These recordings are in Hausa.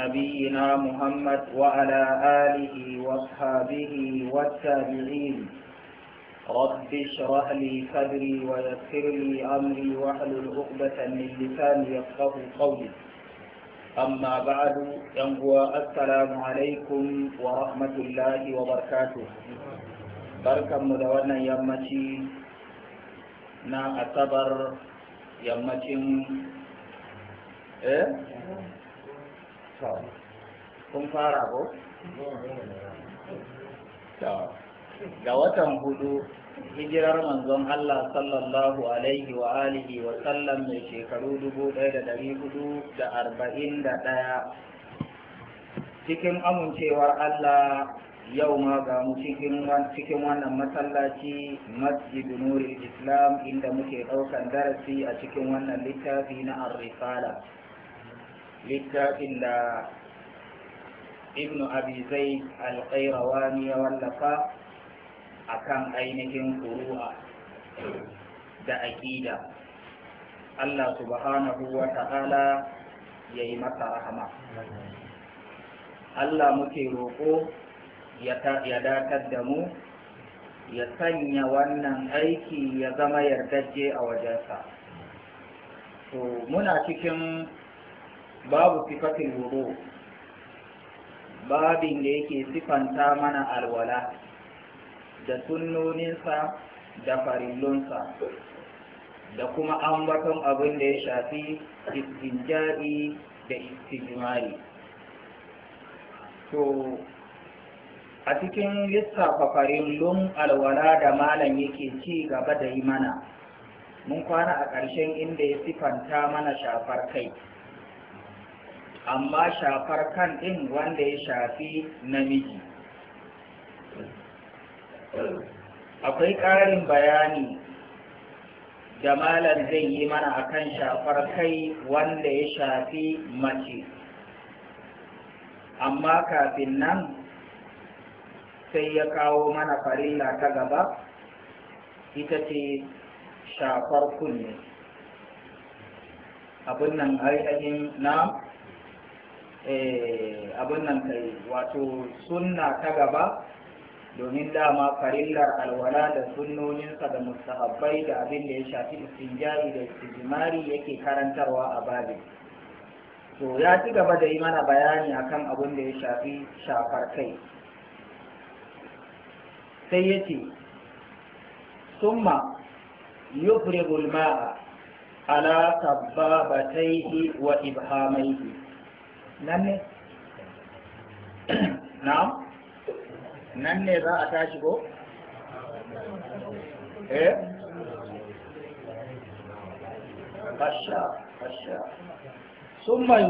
نبينا محمد وعلى آله واصحابه والتابعين رب اشرح لي صدري ويسر لي أمري واحلل عقدة من لساني يفقه قولي أما بعد ينبوى السلام عليكم ورحمة الله وبركاته بركة مدونة يمتي نا أتبر يمتي asabar إيه؟ kun fara ko? ga watan hudu hijirar manzon Allah sallallahu alaihi wa alihi wa sallam mai shekaru ɗaya. da da da arba'in ɗaya. cikin amincewar Allah yau ma ga mu cikin wannan masallaci masjidu nuril islam inda muke ɗaukan darasi a cikin wannan littafi na ar littafin da ibn abi zaid alƙairawani ya wallafa a kan ainihin kuru'a da aƙida allah subhanahu wa ta'ala ya yi masa rahama allah muke roƙo ya datar da mu ya sanya wannan aiki ya zama yardajje a wajensa to muna cikin babu sifatin wudu babin da yake sifanta mana alwala da sunnoninsa da farillunsa da kuma ambaton abin da ya shafi istinja'i da istijmari to a cikin lissafa farillun alwala da malam yake ci gaba da yi mana mun kwana a ƙarshen inda ya sifanta mana shafar kai amma shafar kan ɗin wanda ya shafi namiji akwai ƙarin bayani da malam zai yi mana akan shafar kai wanda ya shafi mace amma kafin nan sai ya kawo mana farilla ta gaba ita ce shafar kunne abin nan ainihin na Eh, abin nan kai wato sunna ta gaba domin dama farillar alwala da sunnoninsa da mustahabbai da abin da ya shafi istinjari da istijmari yake karantarwa a babin to ya ci gaba da yi mana bayani akan abin da ya shafi shafar kai sai ya ce summa yufrigul ma'a ala tabbabataihi wa ibhamaihi nanne na'am nan ne za a tashi ko eh basha basha sun mai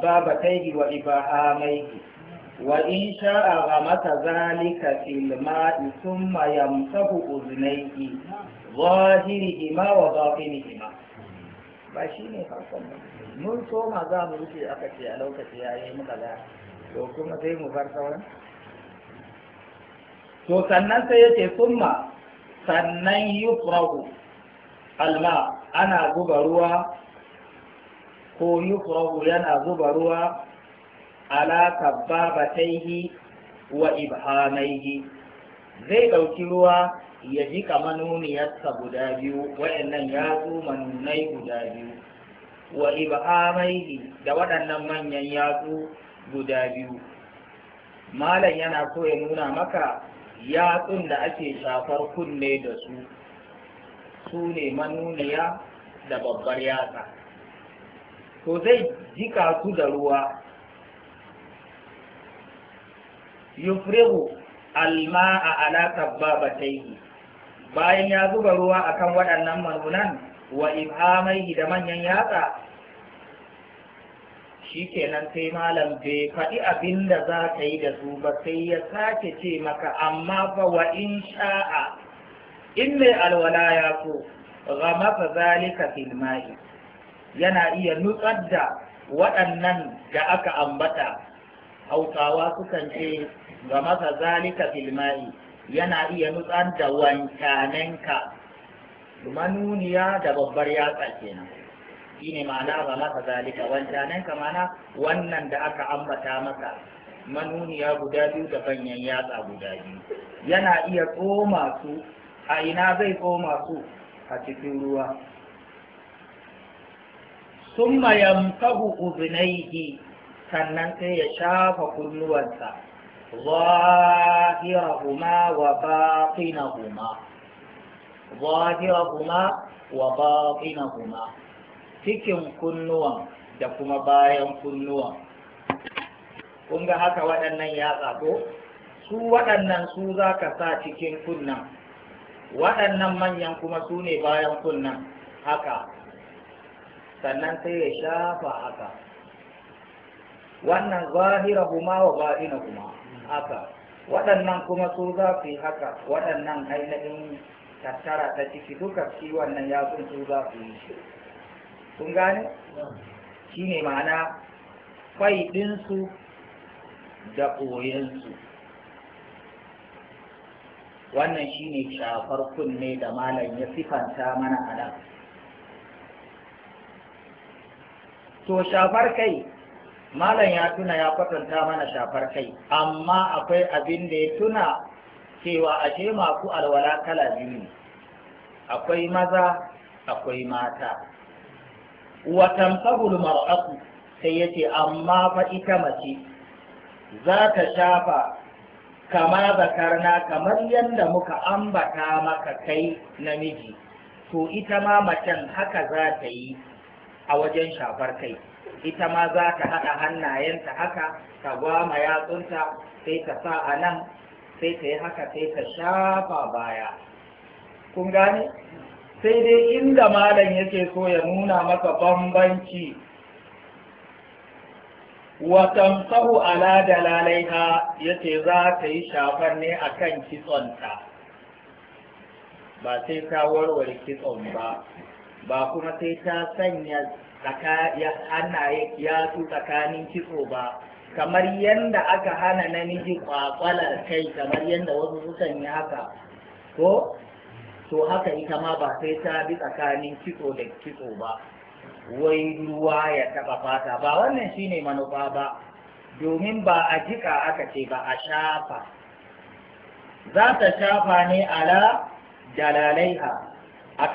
ba ta yi wa ibaha mai ki wa in sha'a ga mata zalika filma'i sun mayamtahu uzunaiki zahirihima wa ba shi ne farkon nan. mun soma za mu rufe aka ce a lokaci ya yi muka da to kuma sai mu bar sauran to sannan sai yake summa sannan yufrahu alma ana zuba ruwa ko yufrahu yana zuba ruwa ala yi wa ibhamaihi zai ɗauki ruwa ya ji jika manuniyarsa guda biyu ya yatsu manunai guda biyu wa ibhamaihi da waɗannan manyan yatsu guda biyu malam yana so ya nuna maka yatsun da ake shafar kunne da su su ne manuniya da babbar yatsa to zai jika su da ruwa yufrihu alma'a ala tabbabataihi bayan ya zuba ruwa a kan waɗannan marunan wa ibhamaihi da manyan yatsa Shi kenan sai malam bai faɗi abin da za ka yi da su ba sai ya sake ce maka amma fa wa in sha'a in mai alwala ya so ghamasa zalika fil yana iya nutsar da waɗannan da aka ambata hausawa sukan ce ghamasa zalika fil yana iya nutsar da wancanenka manuniya da babbar yatsa kenan shine ma'ana ba maka zalika wancanenka mana wannan da aka ambata maka manuniya guda biyu da banyan yatsa guda biyu yana iya tsoma su a ina zai tsoma su a cikin ruwa summa yamtahu uzunaihi sannan sai ya shafa kunnuwansa ظاهرهما وباطنهما ظاهرهما وباطنهما cikin kunnuwan da kuma bayan kunnuwan kun ga haka waɗannan ya tsako su waɗannan su za ka sa cikin kunnan waɗannan manyan kuma su ne bayan kunnan haka sannan sai ya shafa haka wannan zahira kuma wa ba'ina kuma haka waɗannan kuma su za su yi haka waɗannan ainihin tattara ta ciki duka shi wannan yatsun su za su yi shi gane shi ne ma'ana faiɗinsu da ɓoyensu wannan shi ne shafar kunne da malam ya sifanta mana a nan to shafar kai malam ya tuna ya kwatanta mana shafar kai amma akwai abin da ya tuna cewa ashe masu alwala kala biyu akwai maza akwai mata wa tamsahul mar'atu sai yace amma fa ita mace za ta shafa kama zakarna kamar yadda muka ambata maka kai namiji to ita ma macen haka za ta yi a wajen shafar kai ita ma za ta haɗa hannayenta haka ta gwama yatsunta sai ta sa a nan sai ta yi haka sai ta shafa baya kun gane sai dai inda malam yake so ya nuna maka bambanci wa tamsahu ala ya yace za ta yi shafar ne a kan kitsonta ba sai ta warware kitson ba ba kuma sai ta sanya ya yatsu tsakanin kitso ba kamar yadda aka hana namiji kwakwalar kai kamar yadda wasu sukan yi haka ko to haka ita ma ba sai ta bi tsakanin kitso da kitso ba wai ruwa ya taba fata ba wannan shine manufa ba domin ba a jika aka ce ba a shafa za ta shafa ne ala dalalaiha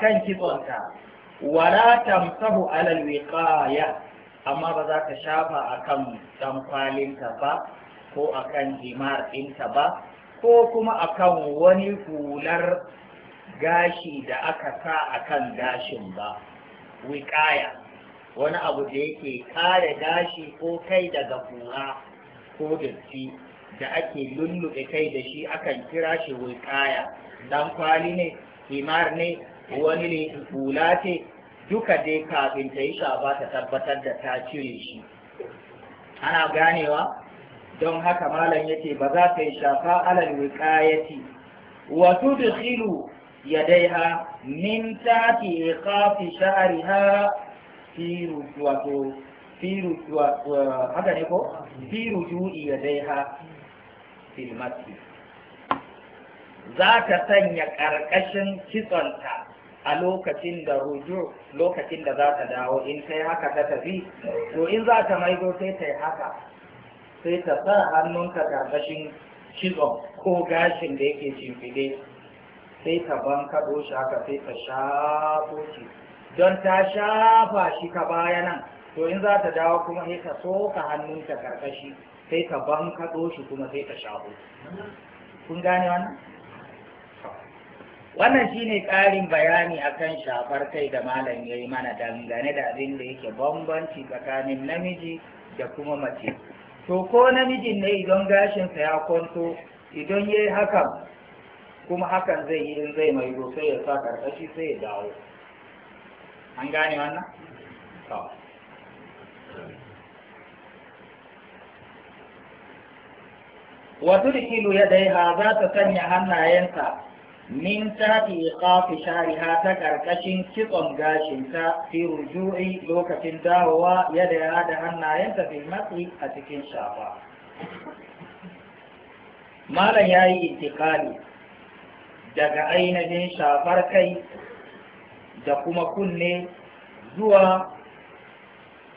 kan kitsonta wala tamsahu alal alwiqaya amma ba za ka shafa akan ɗankwalinka ba ko akan himar ɗinka ba ko kuma akan wani hular gashi da aka sa akan gashin ba wiƙaya wani abu da yake kare gashi ko kai daga kura ko datti da ake lullube kai da shi akan kira shi wiƙaya dan kwali ne himar ne wani ne hula ce duka dai kafin ta yi shafa ta tabbatar da ta cire shi ana ganewa don haka malam yace ba za ta yi shafa alal wiqayati wa tudkhilu yadaiha min tati iqafi sha'riha fi wato fi haka ne ko fi rujui yadaiha fil masjid za ta sanya ƙarƙashin kitsonta a lokacin da rujo lokacin da za ta dawo in sai haka ta tafi to in za ta maido sai ta yi haka sai ta sa hannunka karkashin cizon, ko gashin da yake shimfiɗe sai ta bankaɗo shi haka sai ta shafo shi don ta shafa shi ka baya nan to in za ta dawo kuma sai ta soka hannunka karkashi sai ta bankaɗo shi kuma sai ta shafo kun gane wannan wannan shine ƙarin bayani akan shafar kai da malam ya yi mana dangane da abin da yake bambanci tsakanin namiji da kuma mace to ko namijin ne idan gashinsa ya kwanto idan ya yi hakan kuma hakan zai yi in zai mai sai ya sa karkashi sai ya dawo an gane wannan? wa turkilu yadaiha za ta sanya hannayenta min tafi kafi shariha ta karkashin kitson gashinta fi ruju'i lokacin dawowa yada ya da hannayenta fi matsi a cikin shafa malam ya yi intikali daga ainihin shafar kai da kuma kunne zuwa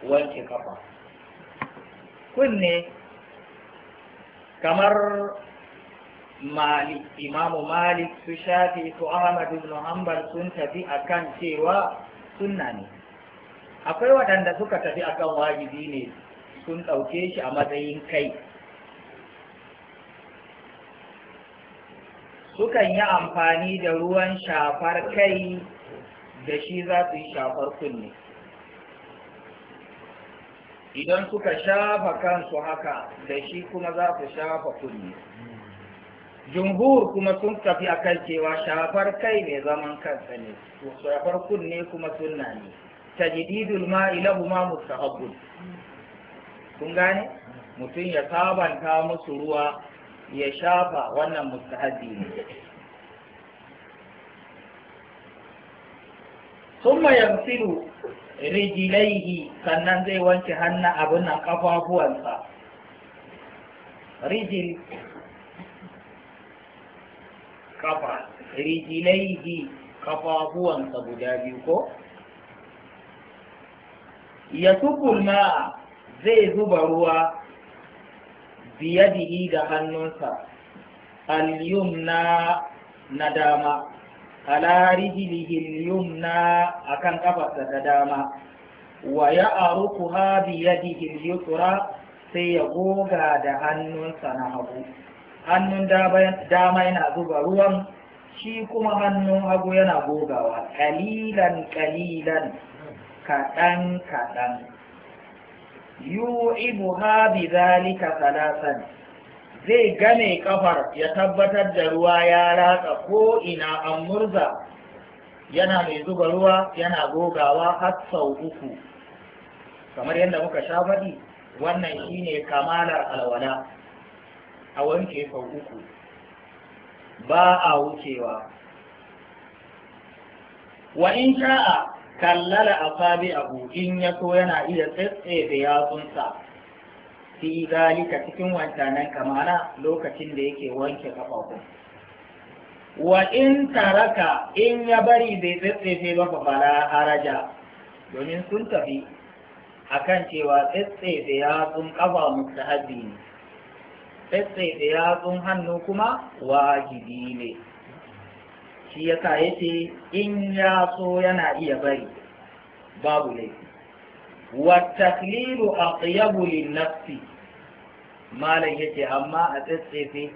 wanke kafa kunne kamar imamu malik su shafi su Ahmadu ibn sun tafi akan cewa sunna ne akwai waɗanda suka tafi akan wajibi ne sun ɗauke shi a matsayin kai sukan yi amfani da ruwan shafar kai da shi za su yi shafar kunne idan suka shafa kansu haka da shi kuma za su shafa kunne jumhur kuma sun tafi akan cewa shafar kai mai zaman kansa ne shafar kunne kuma sunna ne tajdidul ma'i lahumu mustahabbun kun gane mutum ya sabanta musu ruwa ya shafa wannan mustahabi ne summa yamsilu rijilaihi sannan zai wanke hannun abin nan kafafuwansa rijil kafa rijilaihi kafafuwansa guda biyu ko ya tukulma zai zuba ruwa biyadihi da hannunsa al na na dama ala rijilihi na akan kafarsa ta dama wa ya arukuha biyadihi yusra sai ya goga da hannunsa na hagu hannun dama yana zuba ruwan shi kuma hannun hagu yana gogawa kalilan kalilan kaɗan kaɗan yu'ibu ha bi zalika salasan zai game kafar ya tabbatar da ruwa ya ratsa ko ina an murza yana mai zuba ruwa yana gogawa har sau uku kamar yadda muka sha faɗi wannan shine kamalar alwala a wanke sau uku ba a wucewa wa in sha'a kallala a fabi abu in ya so yana iya da yatsunsa fi zalika cikin wancanan kamana lokacin da yake wanke kafafu. wa in taraka in ya bari bai tsatsefe ba bala haraja domin sun tafi akan cewa da yatsun kafa mustahabi ne tsaitsaye yatsun hannu kuma wajibi ne shi ya sa ce in ya so yana iya bari babu laifi wa taklilu aqyabu lin nafsi malam ce amma a tsaitsaye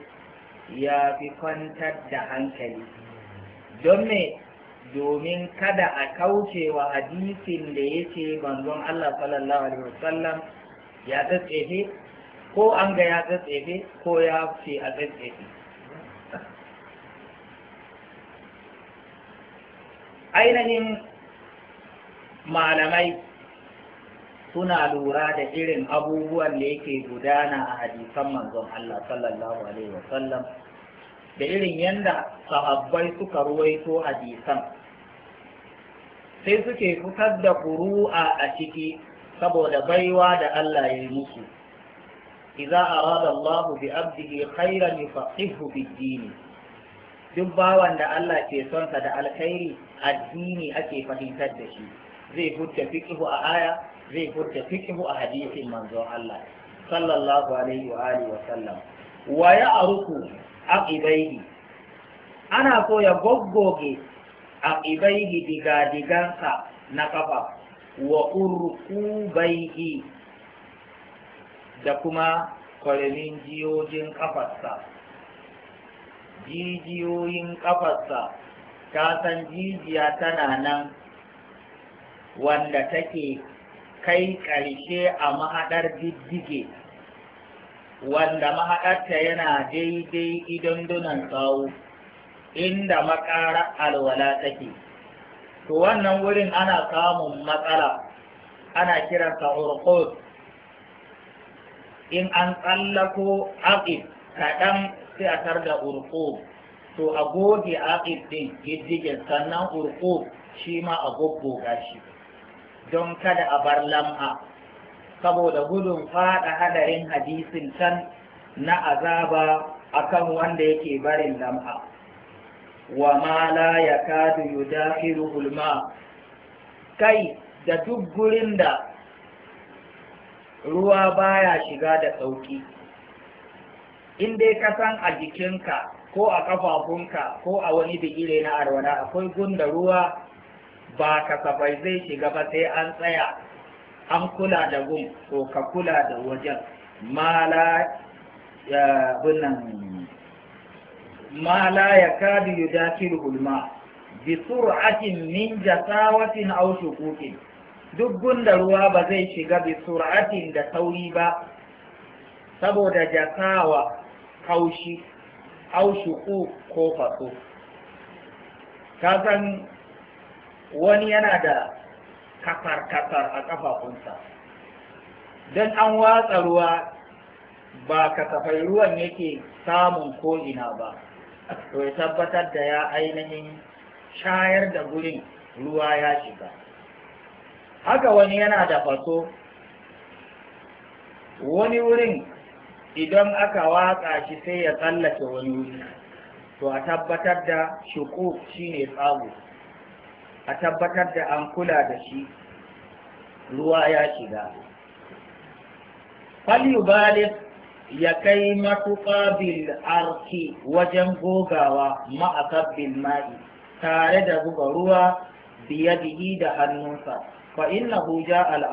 ya fi kwantar da hankali don me domin kada a kauce wa hadisin da ya ce manzon Allah sallallahu alaihi wasallam ya tsaitsaye ko an ga ya tsatsefe ko ya fi a tsatsefe ainihin malamai suna lura da irin abubuwan da yake gudana a hadisan manzon Allah sallallahu alaihi wasallam da irin yadda sahabbai suka ruwaito hadisan sai suke fitar da ƙuru'a a ciki saboda baiwa da Allah ya yi musu idza arada Allah bi abdihi khairan yufaqihu fi dini duk bawan da Allah ke sonsa da alkhairi addini ake fahimtar da shi zai furta fiqhu a aya zai furta fiqhu a hadisin manzo Allah sallallahu alaihi wa alihi wa sallam wa ya'ruku aqibaihi ana so ya goggoge aqibaihi diga digansa na kafa wa urqubaihi da kuma kwaremin jiyojin ƙafarsa jijiyoyin ƙafarsa ta san jijiya tana nan wanda take kai ƙarshe a mahaɗar diddige wanda mahaɗarta yana daidai dunan tsawo inda makara alwala take to wannan wurin ana samun matsala ana kiransa urkut in an tsallako aqib kaɗan sai a tar da to a goge aqib ɗin diddigin sannan urƙu shi ma a goggoga gashi. don kada a bar lam'a saboda gudun faɗa hadarin hadisin can na azaba akan wanda yake barin lam'a wa ma la yakadu yudafiruhu al kai da duk gurin da ruwa baya shiga da sauki in dai ka san a jikinka ko a kafafunka ko a wani bigire na arwana akwai gunda ruwa ba kasafai zai shiga ba sai an tsaya an kula da gun ko ka kula da wajen mala ya bunan mala ya kadu yudakiru hulma bi sur'atin min jasawatin aw shukukin duk gunda ruwa ba zai shiga bi sur'atin da sauri ba saboda jakawa haushi haushi ku ko faso kasan wani yana da kasar-kasar a kafafunsa don an watsa ruwa ba kasafai ruwan yake samun ko'ina ba to ya tabbatar da ya ainihin shayar da gurin ruwa ya shiga haka wani yana da faso wani wurin idan aka watsa shi sai ya tsallake wani wuri to a tabbatar da shuku ne tsago a tabbatar da an kula da shi ruwa ya shiga falyubalif ya kai matuƙa bil arki wajen gogawa ma'akar bil ma'i tare da zuba ruwa biyadihi da hannunsa fa innahu ja'a al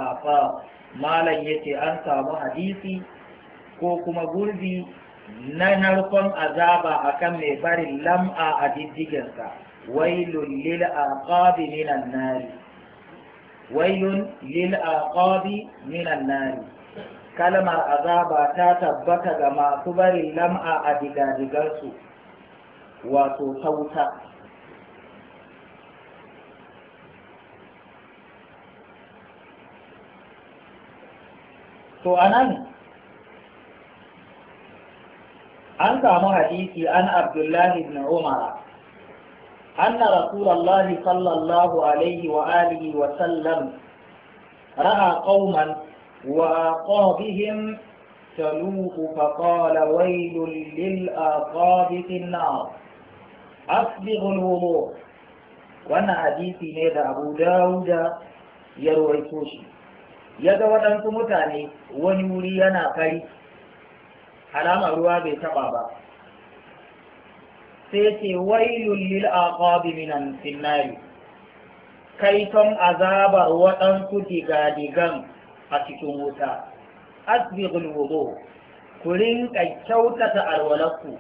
malam ya yace an samu hadisi ko kuma gurbi na narkon azaba akan mai barin lam'a a diddiginsa wailun lil aqabi minan nari wailun lil aqabi minan nari kalmar azaba ta tabbata ga masu barin lam'a a digadigarsu wato sauta to anan an samu hadisi عبد الله بن عمر أن رسول الله صلى الله عليه وآله وسلم رأى قوما وأعقابهم تلوح فقال ويل للأعقاب في النار أسبغ الوضوء وأنا حديثي هذا أبو داود يروي توشي ya ga waɗansu mutane wani wuri yana fari alama ruwa bai taɓa ba sai ce wailul lil aqabi minan sinnari kaiton azabar waɗansu diga a cikin wuta asbighul wudu ku rinka kyautata alwalarku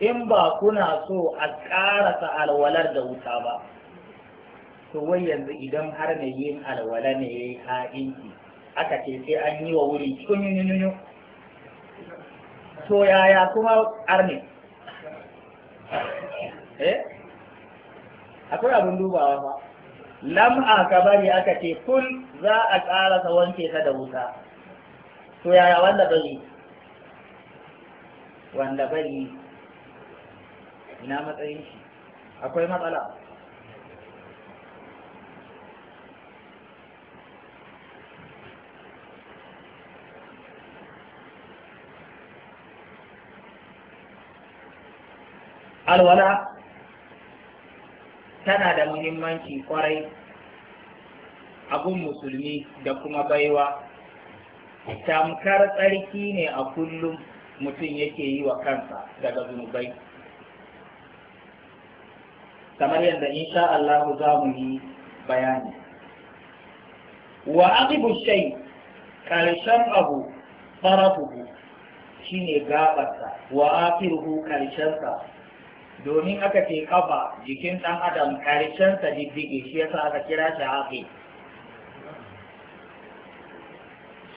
in ba kuna so a ƙarasa alwalar da wuta ba to wai yanzu idan har mai yin alwala ne ya yi ha'inci aka ce sai an yi wa wuri kunyunyunyunyu to yaya kuma arne? eh akwai abin dubawa fa lam aka bari aka ce kun za a ƙara wanke ka da wuta to yaya wanda bari wanda bari ina matsayin shi akwai matsala alwala tana da muhimmanci kwarai abun musulmi da kuma baiwa tamkar tsarki ne a kullum mutum yake yi wa kansa daga zunubai kamar yadda insha Allah za mu yi bayani wa aqibu shay karshen abu farafuhu shine gabarsa wa akhiruhu sa. domin aka ce kafa jikin ɗan adam sa diddige shi yasa aka kira shi haƙi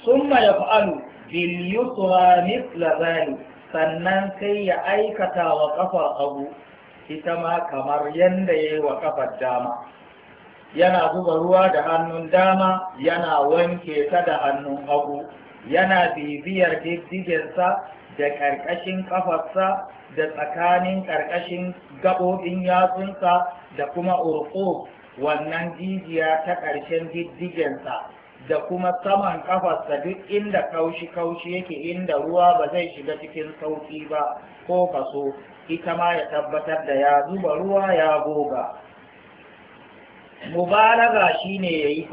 summa ya fa'alu bil yusra mithla sannan sai ya aikata wa kafar hagu ita ma kamar yanda ya yi wa kafar dama yana zuba ruwa da hannun dama yana wanke ta da hannun hagu yana bibiyar diddigensa da ƙarƙashin ƙafarsa da tsakanin ƙarƙashin gaɓoɓin yatsunsa da kuma urƙo wannan jijiya ta ƙarshen diddigensa da kuma saman ƙafarsa duk inda kaushi-kaushi yake inda ruwa ba zai shiga cikin sauƙi ba ko kaso ita ma ya tabbatar da ya zuba ruwa ya goga mubalaga shine ya yi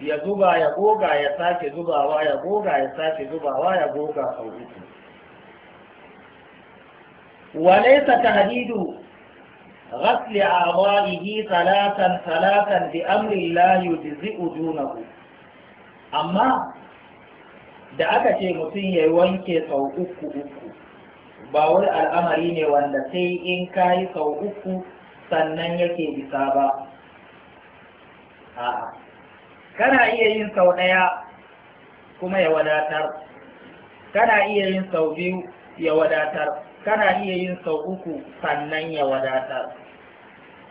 ya zuba ya goga ya sake zubawa ya goga ya sake zubawa ya goga sau وليس تهديد غسل أعضائه ثلاثا ثلاثا بأمر لا يجزئ دونه أما da aka ce mutum ya wanke sau uku uku ba wani al'amari ne wanda sai in ka yi sau uku sannan yake bisa ba a'a kana iya yin sau ɗaya kuma ya wadatar kana iya yin sau biyu ya wadatar kana iya yin sau uku sannan ya wadatar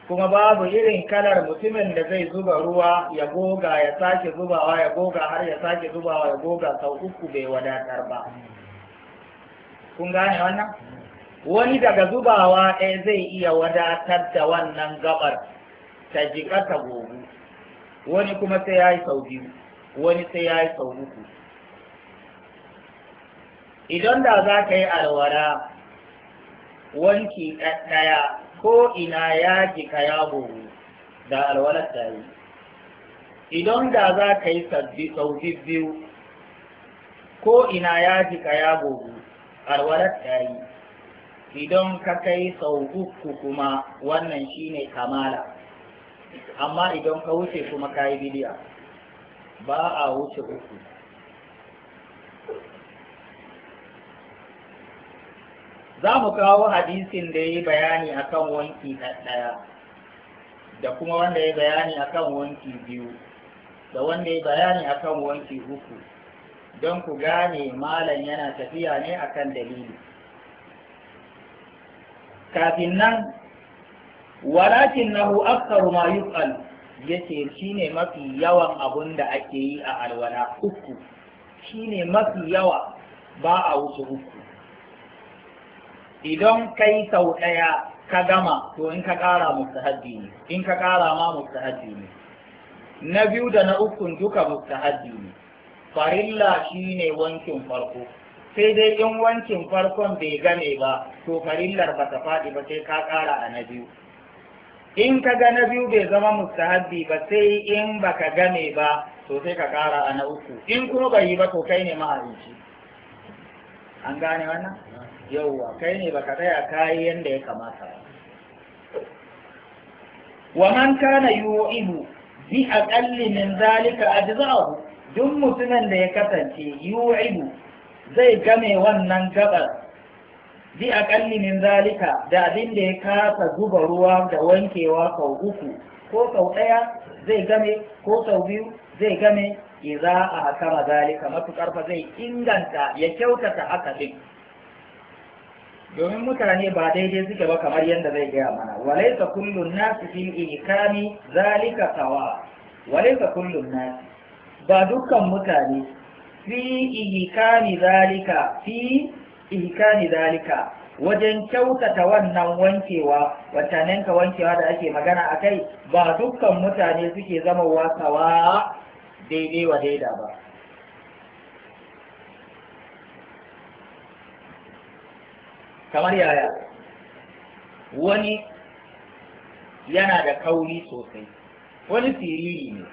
kuma babu irin kalar mutumin da zai zuba ruwa ya goga ya sake zubawa ya goga har ya sake zubawa ya goga sau uku bai wadatar ba kun gane wannan wani daga zubawa ɗaya zai iya wadatar da wannan gabar ta jiƙa ta gobe wani kuma sai ya yi sau biyu wani sai ya yi sau uku idan da za ka yi alwara wanki ɗaya ko ina ya jika ya bugu da alwalar ta yi idan da za ka yi sabbi sau biyu ko ina ya jika ya bugu alwalar ta yi idan ka kai sau uku kuma wannan shine kamala amma idan ka wuce kuma ka yi bidiya ba a wuce uku za mu kawo hadisin da ya yi bayani akan wanki ɗaya da kuma wanda ya bayani akan wanki biyu da wanda ya bayani akan wanki uku don ku gane malam yana tafiya ne akan dalili kafin nan walakin nahu aksaru ma yake shi shine mafi yawan abun da ake yi a alwala uku shine mafi yawa ba a wuce uku idan kai sau ɗaya ka gama to in ka ƙara mustahabbi ne in ka ƙara ma mustahabbi ne na biyu da na ukun duka mustahabbi ne farilla shine wankin farko sai dai in wankin farkon bai game ba to farillar ba ta faɗi ba sai ka ƙara a na biyu in ka ga na biyu bai zama mustahabbi ba sai in ba ka game ba to sai ka ƙara a na uku in kuma bai yi ba to kai ne ma'arinci an gane wannan yauwa kai ne baka tsaya kayi yanda ya kamata ba wa man kana yu'ibu bi aqalli min zalika ajza'u duk mutumin da ya kasance yu'ibu zai game wannan gabar bi aqalli min zalika da abin da ya kasa zuba ruwa da wankewa sau uku ko sau ɗaya zai game ko sau biyu zai game idza a hakama zalika matukar fa zai inganta ya kyautata haka din domin mutane ba daidai suke ba kamar yadda zai gaya mana kullum na nasi fil ikami zalika sawa kullum na nasi ba dukkan mutane fi ihkami zalika fi ihkami zalika wajen kyautata wannan wankewa wancanen ka wankewa da ake magana akai ba dukkan mutane suke zama wasawa daidai wa daida ba kamar yaya wani yana da kauri sosai wani siriri ne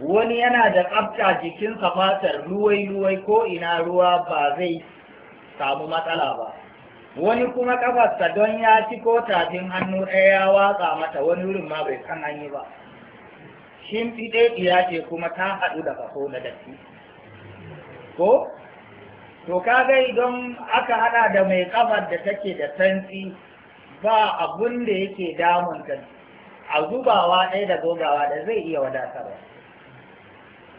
wani yana da tsafta jikin fatar ruwai-ruwai ko ina ruwa ba zai samu matsala ba wani kuma kafarsa don ya ci ko tafin hannu ɗaya ya watsa mata wani wurin ma bai san hanyi ba shimfiɗe ɗaya ce kuma ta haɗu da kaso na datti ko to kaga idan aka hada da mai kafar da take da tantsi ba abun da yake damun ta a zubawa ɗaya da gogawa da zai iya wadatar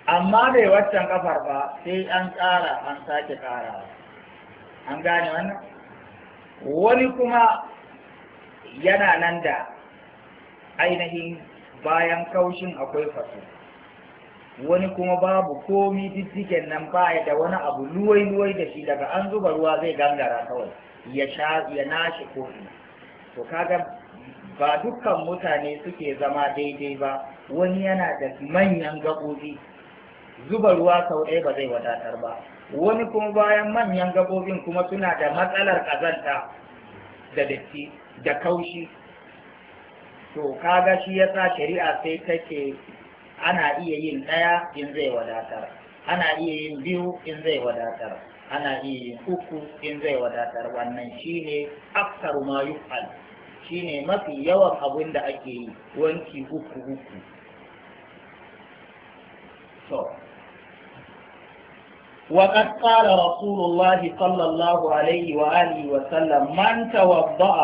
amma bai waccan kafar ba sai an ƙara an sake ƙara. an gane wannan wani kuma yana nan da ainihin bayan kaushin akwai faso wani kuma babu komi diddigen nan ba baya da wani abu luwai-luwai da shi daga an zuba ruwa zai gangara kawai ya sha ya nashi kofi to kaga ba dukkan mutane suke zama daidai ba wani yana da manyan gaɓoɓi zuba ruwa sau ɗaya ba zai wadatar ba wani kuma bayan manyan gaɓoɓin kuma suna da matsalar ƙazanta da datti da kaushi to kaga shi yasa shari'a sai take ana iya yin ɗaya in zai wadatar ana iya yin biyu in zai wadatar ana iya yin uku in zai wadatar wannan shine aksaru ma yuf'al shine mafi yawan abin da ake yi wanki uku uku so وقد قال رسول الله صلى الله عليه وآله وسلم من توضأ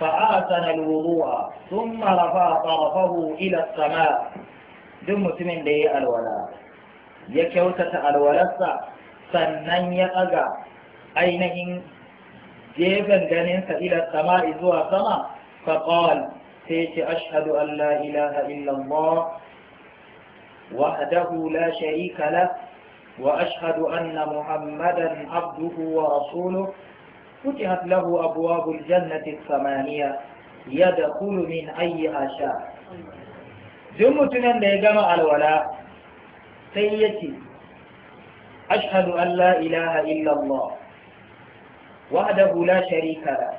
فأحسن الوضوء ثم رفع طرفه إلى السماء duk mutumin da ya yi alwala ya kyautata alwalarsa sannan ya ɗaga ainihin gefen ganinsa ila sama zuwa sama faƙawal sai ce ashhadu allah ilaha illallah wahdahu la sharika la wa ashhadu anna muhammadan abduhu wa rasuluhu فتحت له أبواب الجنة الثمانية يدخل min أيها شاء duk mutumin da ya gama alwala sai ya ce ashhadu an la ilaha illallah wahdahu la sharika la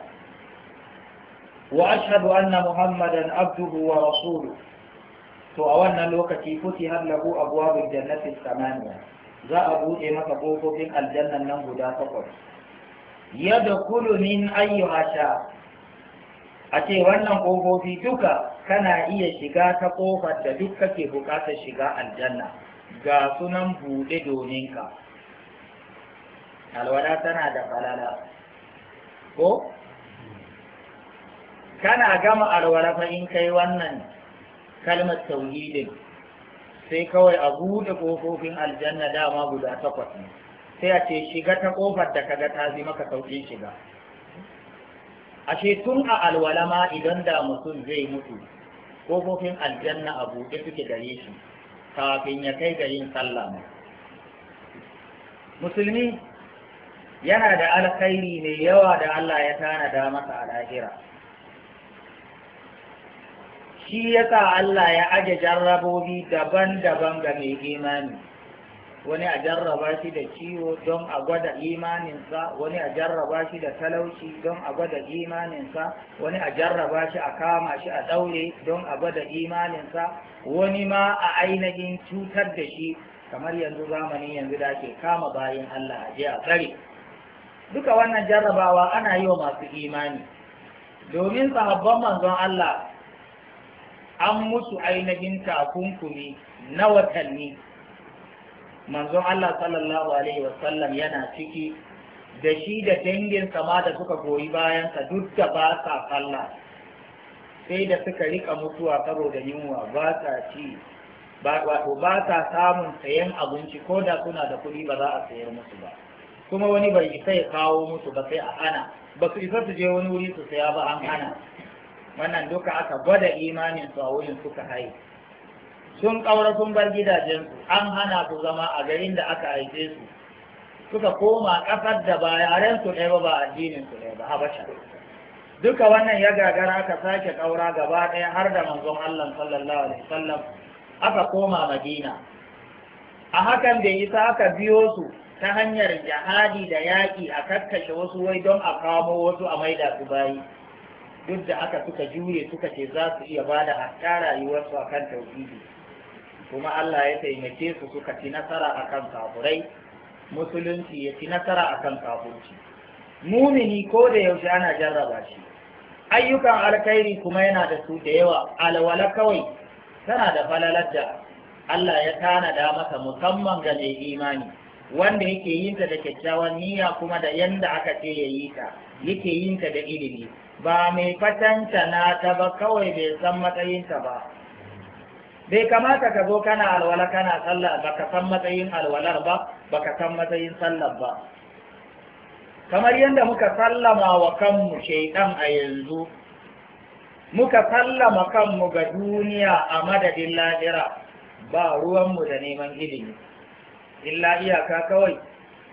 wa ashhadu anna muhammadan abduhu wa rasuluhu to a wannan lokaci futihat lahu abwabu jannati samaniya za a buɗe maka kofofin aljannan nan guda takwas yadkhulu min ayyuha sha a ce wannan ƙofofi duka kana iya shiga ta ƙofar da duk kake buƙatar shiga aljanna ga sunan buɗe domin ka tana da falala ko kana gama alwala fa in kai wannan kalmar tauhidin sai kawai a buɗe ƙofofin aljanna dama guda takwas ne sai a ce shiga ta ƙofar da kaga ta zima ka sauƙin shiga ashe tun a alwala ma idan da mutum zai mutu kofofin aljanna a buɗe suke gare shi kafin ya kai ga yin sallah musulmi yana da alkhairi mai yawa da Allah ya tanada masa a lahira shi yasa Allah ya aje jarrabobi daban-daban ga mai imani wani a jarraba shi da ciwo don a gwada imaninsa wani a jarraba shi da talauci don a gwada imaninsa wani a jarraba shi a kama shi a daure don a gwada imaninsa wani ma a ainihin cutar da shi kamar yanzu zamanin yanzu da ke kama bayan Allah a a tsare duka wannan jarrabawa ana yi wa masu imani domin sahabban manzon Allah an mutu ainihin takunkumi na watanni manzon Allah sallallahu alaihi wasallam yana ciki da shi da dangin sama da suka goyi bayansa duk da ba sa sallah sai da suka rika mutuwa saboda yunwa ba sa ci wato ba sa samun sayan abinci ko da suna da kuɗi ba za a sayar musu ba kuma wani bai isa ya kawo musu ba sai a hana ba su isa su je wani wuri su saya ba an hana wannan duka aka gwada imanin su a wurin suka haihu sun ƙaura sun bar gidajen an hana su zama a garin da aka aike su suka koma ƙasar da ba yaren su ɗaya ba ba addinin su ɗaya ba habasha duka wannan ya gagara aka sake ƙaura gaba ɗaya har da manzon Allah sallallahu alaihi wasallam aka koma Madina a hakan da isa aka biyo su ta hanyar jihadi da yaƙi a kakkashe wasu wai don a kamo wasu a maida su bayi duk da aka suka jure suka ce za su iya ba da hatta rayuwarsu a kan tauhidi kuma Allah ya taimake su suka ci nasara a kan kafurai musulunci ya ci nasara a kan kafurci mumini ko da yaushe ana jarraba shi ayyukan alkhairi kuma yana da su da yawa alwala kawai tana da falalar da Allah ya tanada masa musamman ga mai imani wanda yake yin ta da kyakkyawan niyya kuma da yanda aka ce ya yi ta yake yin ta da ilimi ba mai fatanta na ta ba kawai bai san matsayinta ba bai kamata ka zo kana alwala kana sallah ba ka san matsayin alwalar ba ba ka san matsayin sallah ba kamar yadda muka sallama wa kanmu shaidan a yanzu muka sallama kanmu ga duniya a madadin lahira ba ruwanmu da neman ilimi illa iyaka kawai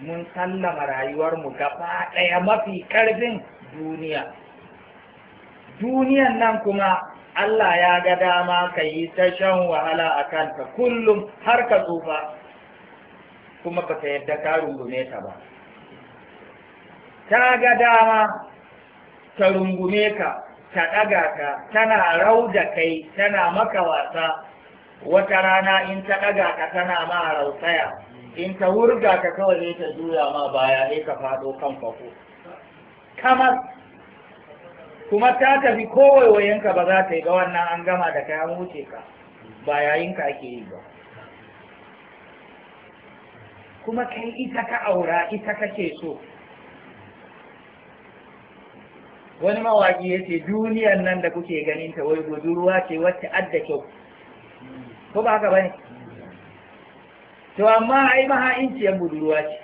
mun sallama rayuwarmu gaba ɗaya mafi ƙarfin duniya duniyan nan kuma Allah ya ga dama ka yi ta shan wahala a kanta kullum har ka tsufa kuma ba ka yadda ka rungume ta ba. Ta ga dama ta rungume ka, ta ɗaga ka, tana rauda kai, tana maka wasa, wata rana in ta ɗaga ka tana ma rausaya, in ta wurga ka kawai ta juya ma baya ka faɗo kan fako Kamar kuma ta tafi kowayoyinka ba za ta yi ga wannan an gama da kayan wuce ka ba yayinka ake yi ba kuma kai ita ka aura ita kake so wani mawaƙi ya ce duniyan nan da kuke ganin ta wai budurwa ce wacce adda kyau ko ba haka ne? to amma ai maha'inciyar budurwa ce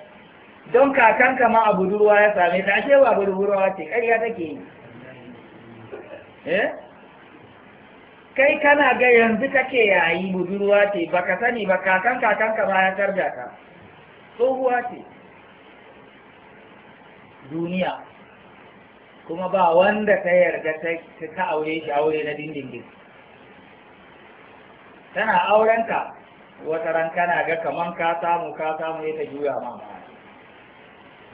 don kakanka ma a budurwa ya same ta ashe ba budurwa ce ƙarya take yi Eh? kai kana ga yanzu kake yayi budurwa ce baka sani ba kakan kakan ba ya tarda ka tsohuwa ce duniya kuma ba wanda ta yarda ta aure shi aure na dindindin tana aurenka wata ran kana ga kaman ka samu ka samu ya ta juya ma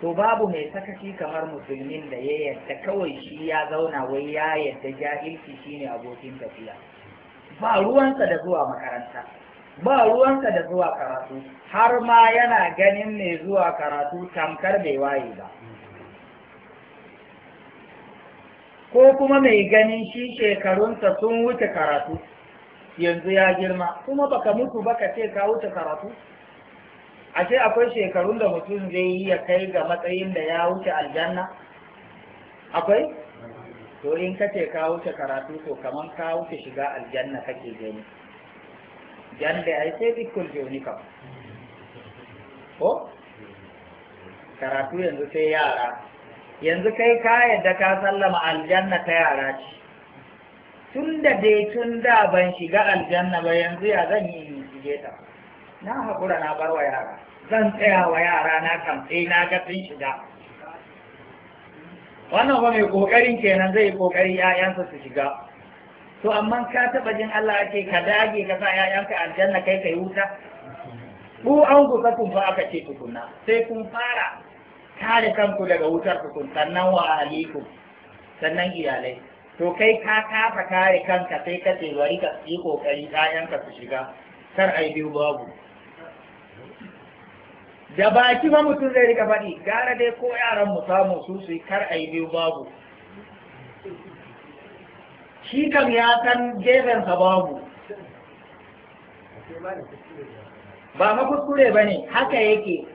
to babu mai sakaci kamar musulmin da ya yadda kawai shi ya zauna wai ya yadda jahilci shine abokin tafiya ba ruwansa da zuwa makaranta ba ruwansa da zuwa karatu har ma yana ganin mai zuwa karatu tamkar bai waye ba ko kuma mai ganin shi shekarunsa sun wuce karatu yanzu ya girma kuma baka mutu baka ce ka wuce karatu ashe akwai shekarun da mutum zai yi ya kai ga matsayin da ya wuce aljanna akwai to in ka ce ka wuce karatu to kaman ka wuce shiga aljanna kake gani jan da ai sai bikul jonika ko karatu yanzu sai yara yanzu kai ka yadda ka sallama aljanna ta yara ce tun da dai tun da ban shiga aljanna ba yanzu ya zan yi in shige ta na haƙura na bar wa yara zan tsaya wa yara na kamfe na ga sun shiga wannan ba mai ƙoƙarin kenan zai ƙoƙari 'ya'yansa su shiga to amma ka taɓa jin Allah ake ka dage ka sa 'ya'yanka aljanna kai ka yi wuta ku an gusa kun fa aka ce tukunna sai kun fara kare kanku daga wutar tukun sannan wa aliku sannan iyalai to kai ka kafa kare kanka sai ka ce bari ka yi kokari 'ya'yanka su shiga kar ai biyu babu da baki ma mutum zai rika faɗi gara dai ko yaran mu samu su su kar a yi biyu babu shi kan ya san sa babu ba ma kuskure ba ne haka yake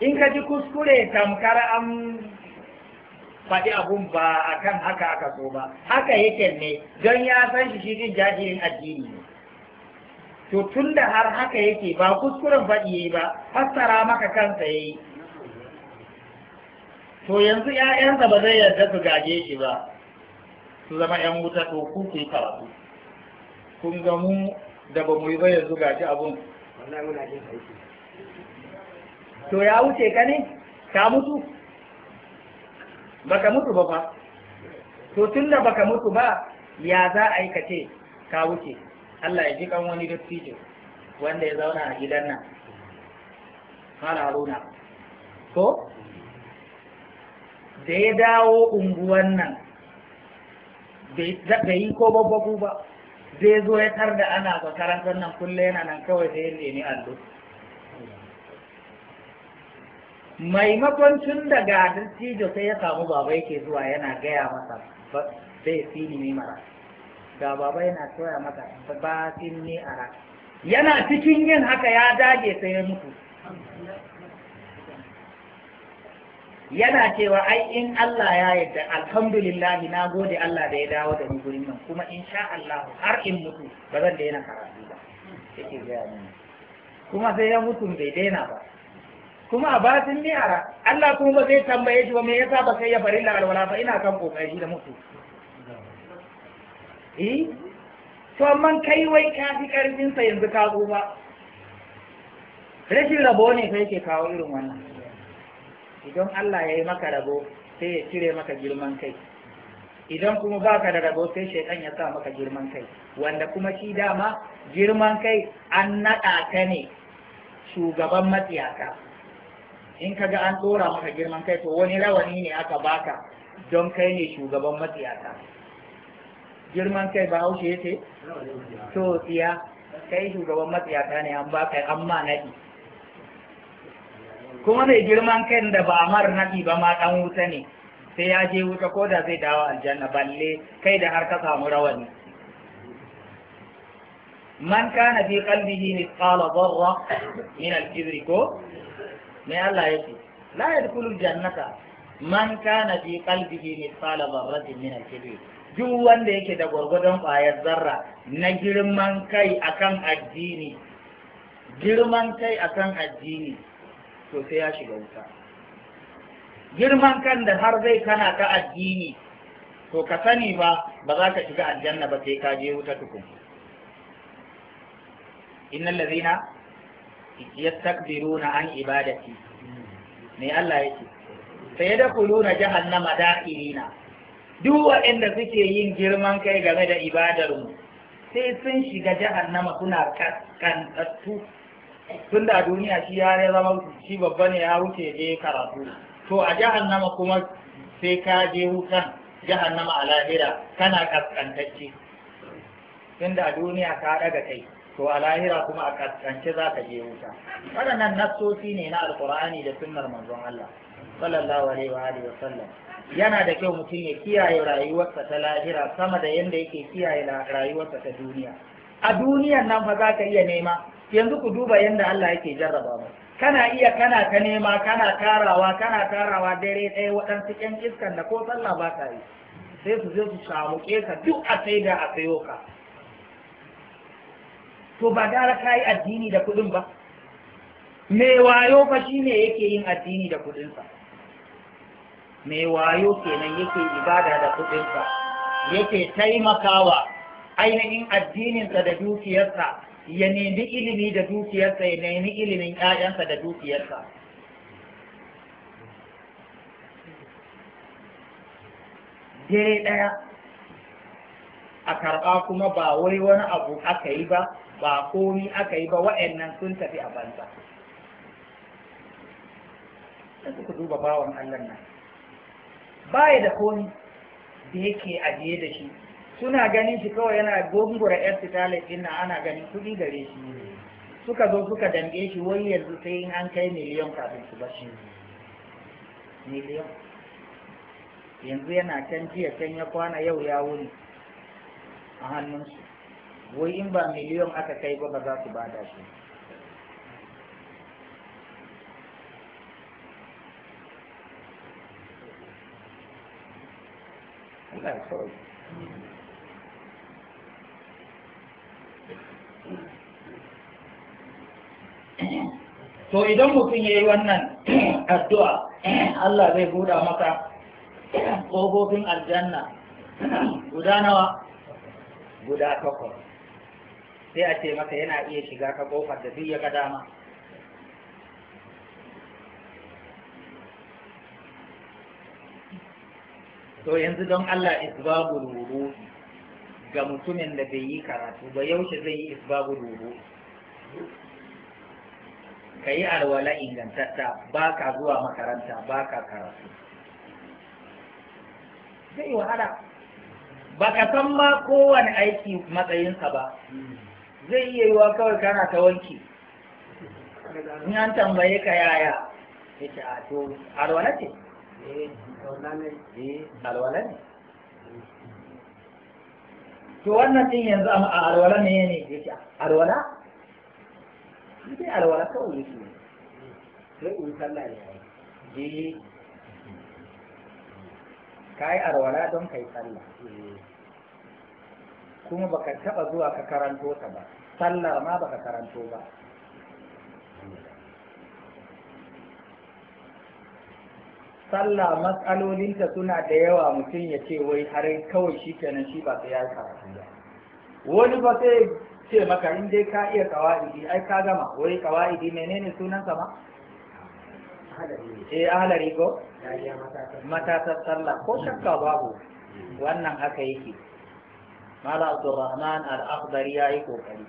in ka ji kuskure tamkar an faɗi abun ba a haka aka so ba haka yake ne don ya san shi shi jin jahilin addini ne to tun da har haka yake ba kuskuren faɗi yayi ba fassara maka kansa yayi to yanzu ƴaƴansa ba zai yarda su gaje shi ba su zama ƴan wuta to ku ku karatu kun ga mu da ba mu yi ba yanzu gaji abun to ya wuce ka ne ka mutu baka mutu ba fa to tun da baka mutu ba ya za a yi ka ce ka wuce Allah ya ji kan wani dattijo wanda ya zauna a gidan nan mala haruna ko da ya dawo unguwan nan bai yi ko babbabu ba zai zo ya tar da ana karantar nan kulle yana nan kawai sai ya nemi allo maimakon tun daga dattijo sai ya samu baba yake zuwa yana gaya masa ba zai fi ne mara ga baba yana koya maka batin ni ara yana cikin yin haka ya dage sai ya mutu yana cewa ai in Allah ya yarda alhamdulillah na gode Allah da ya dawo da ni gurin nan kuma insha Allah har in mutu ba zan daina karatu ba yake ga ni kuma sai ya mutu bai daina ba kuma a batin ne ara Allah kuma ba zai tambaye shi ba me yasa ba sai ya farilla alwala fa ina kan kokari da mutu eh to amma kai wai ka fi karfin sa yanzu ka zo ba rashin rabo ne sai ke kawo irin wannan idan Allah ya yi maka rabo sai ya cire maka girman kai idan kuma baka da rabo sai shekan ya sa maka girman kai wanda kuma shi dama girman kai an naɗa ta ne shugaban matsiyaka in ka ga an ɗora maka girman kai to wani rawani ne aka baka don kai ne shugaban matsiyaka girman kai ba haushe ya ce to siya, kai shugaban matsiyata ne an baka an ma naɗi kuma mai girman kai da ba mar naɗi ba ma ɗan wuta ne sai ya je wuta ko da zai dawo aljanna balle kai da har ka samu rawani man kana fi qalbihi mithqala dharra min al-kibri ko me Allah yake la yadkhulu al-jannata man kana fi qalbihi mithqala dharratin min al-kibri duk wanda yake da gwargwadon ƙwayar zarra na girman kai akan addini girman kai akan addini to sai ya shiga wuta girman kan da har zai kana ta addini to ka sani ba ba za ka shiga aljanna ba sai ka je wuta tukun innal ladhina yastakbiruna an ibadati me Allah yake sayadkhuluna jahannama da'irina duk waɗanda suke yin girman kai game da ibadarmu sai sun shiga jahannama suna kaskantattu tun da duniya shi ya zama shi babba ne ya wuce je karatu to a jahannama kuma sai ka je wutan jahannama a lahira kana kaskantacce tun da duniya ka daga kai to a lahira kuma a kaskance za ka je wuta waɗannan nassosi ne na alkur'ani da sunnar manzon Allah sallallahu alaihi wa alihi wasallam yana da kyau mutum ya kiyaye rayuwarsa ta lahira sama da yanda yake kiyaye rayuwarsa ta duniya a duniyan nan fa za ka iya nema yanzu ku duba yanda Allah yake jarraba mu kana iya kana ta nema kana tarawa kana tarawa dare ɗaya waɗansu ƴan iskan da ko sallah ba ta yi sai su zo su samu ka duk a sai da a sayo ka to ba gara ka yi addini da kuɗin ba me wayo fa shine yake yin addini da kuɗinsa mai wayo kenan yake ibada da kuɗinsa yake taimakawa ainihin addininsa da dukiyarsa ya nemi ilimi da dukiyarsa ya nemi ilimin ƴaƴansa da dukiyarsa dare ɗaya a karɓa kuma ba wai wani abu aka yi ba ba komi aka yi ba wa'annan sun tafi a banza. Sai ku duba bawan Allah nan. baya da komi da yake ajiye da shi suna ganin shi kawai yana gungura yar fitalar din nan ana ganin kuɗi gare shi suka zo suka dange shi wai yanzu sai in an kai miliyan kafin su bar shi miliyan yanzu yana can jiya can ya kwana yau ya wuni a hannunsu wai in ba miliyan aka kai ba ba za su bada shi to idan mutum ya yi wannan addu'a Allah zai buɗa maka ƙogogin aljanna guda nawa guda takwas sai a ce maka yana iya shiga ka ƙofar da duk ya ga dama to yanzu don Allah isbabul wudu ga mutumin da bai yi karatu ba yaushe zai yi isbabul wudu ka yi alwala ingantatta ba ka zuwa makaranta ba ka karatu zai wahala ba ka san ma kowane aiki matsayinsa ba zai iya yiwa kawai kana ta wanki in an tambaye ka yaya ya ce a to alwala ce alwala ne to wannan din yanzu a alwala ne ne yake alwala sai alwala kawai yake sai in sallah ne eh. Ka yi alwala don ka yi sallah kuma baka taba zuwa ka karanto ta ba sallar ma baka karanto ba sallah matsalolinta suna da yawa mutum ya ce wai har kawai shi kenan shi ba sai ya yi karatu ba wani ba sai ce maka in dai ka iya kawa'idi ai ka gama wai kawa'idi menene sunan sa ma eh ahlari ko matatar sallah ko shakka babu wannan haka yake mala abdurrahman al-akhdari ya yi kokari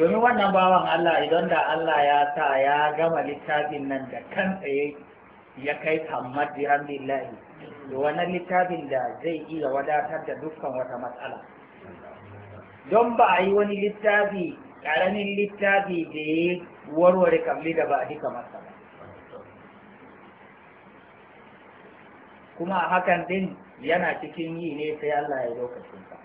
domin wannan bawan Allah idan da Allah ya sa ya gama littafin nan da kan tsaye ya kai jiran bihamdillahi da wani littafin da zai iya wadatar da dukkan wata matsala don ba a yi wani littafi ƙaramin littafi da ya yi warware kamli da ba a duka masa ba kuma a hakan din yana cikin yi ne sai Allah ya lokacin ba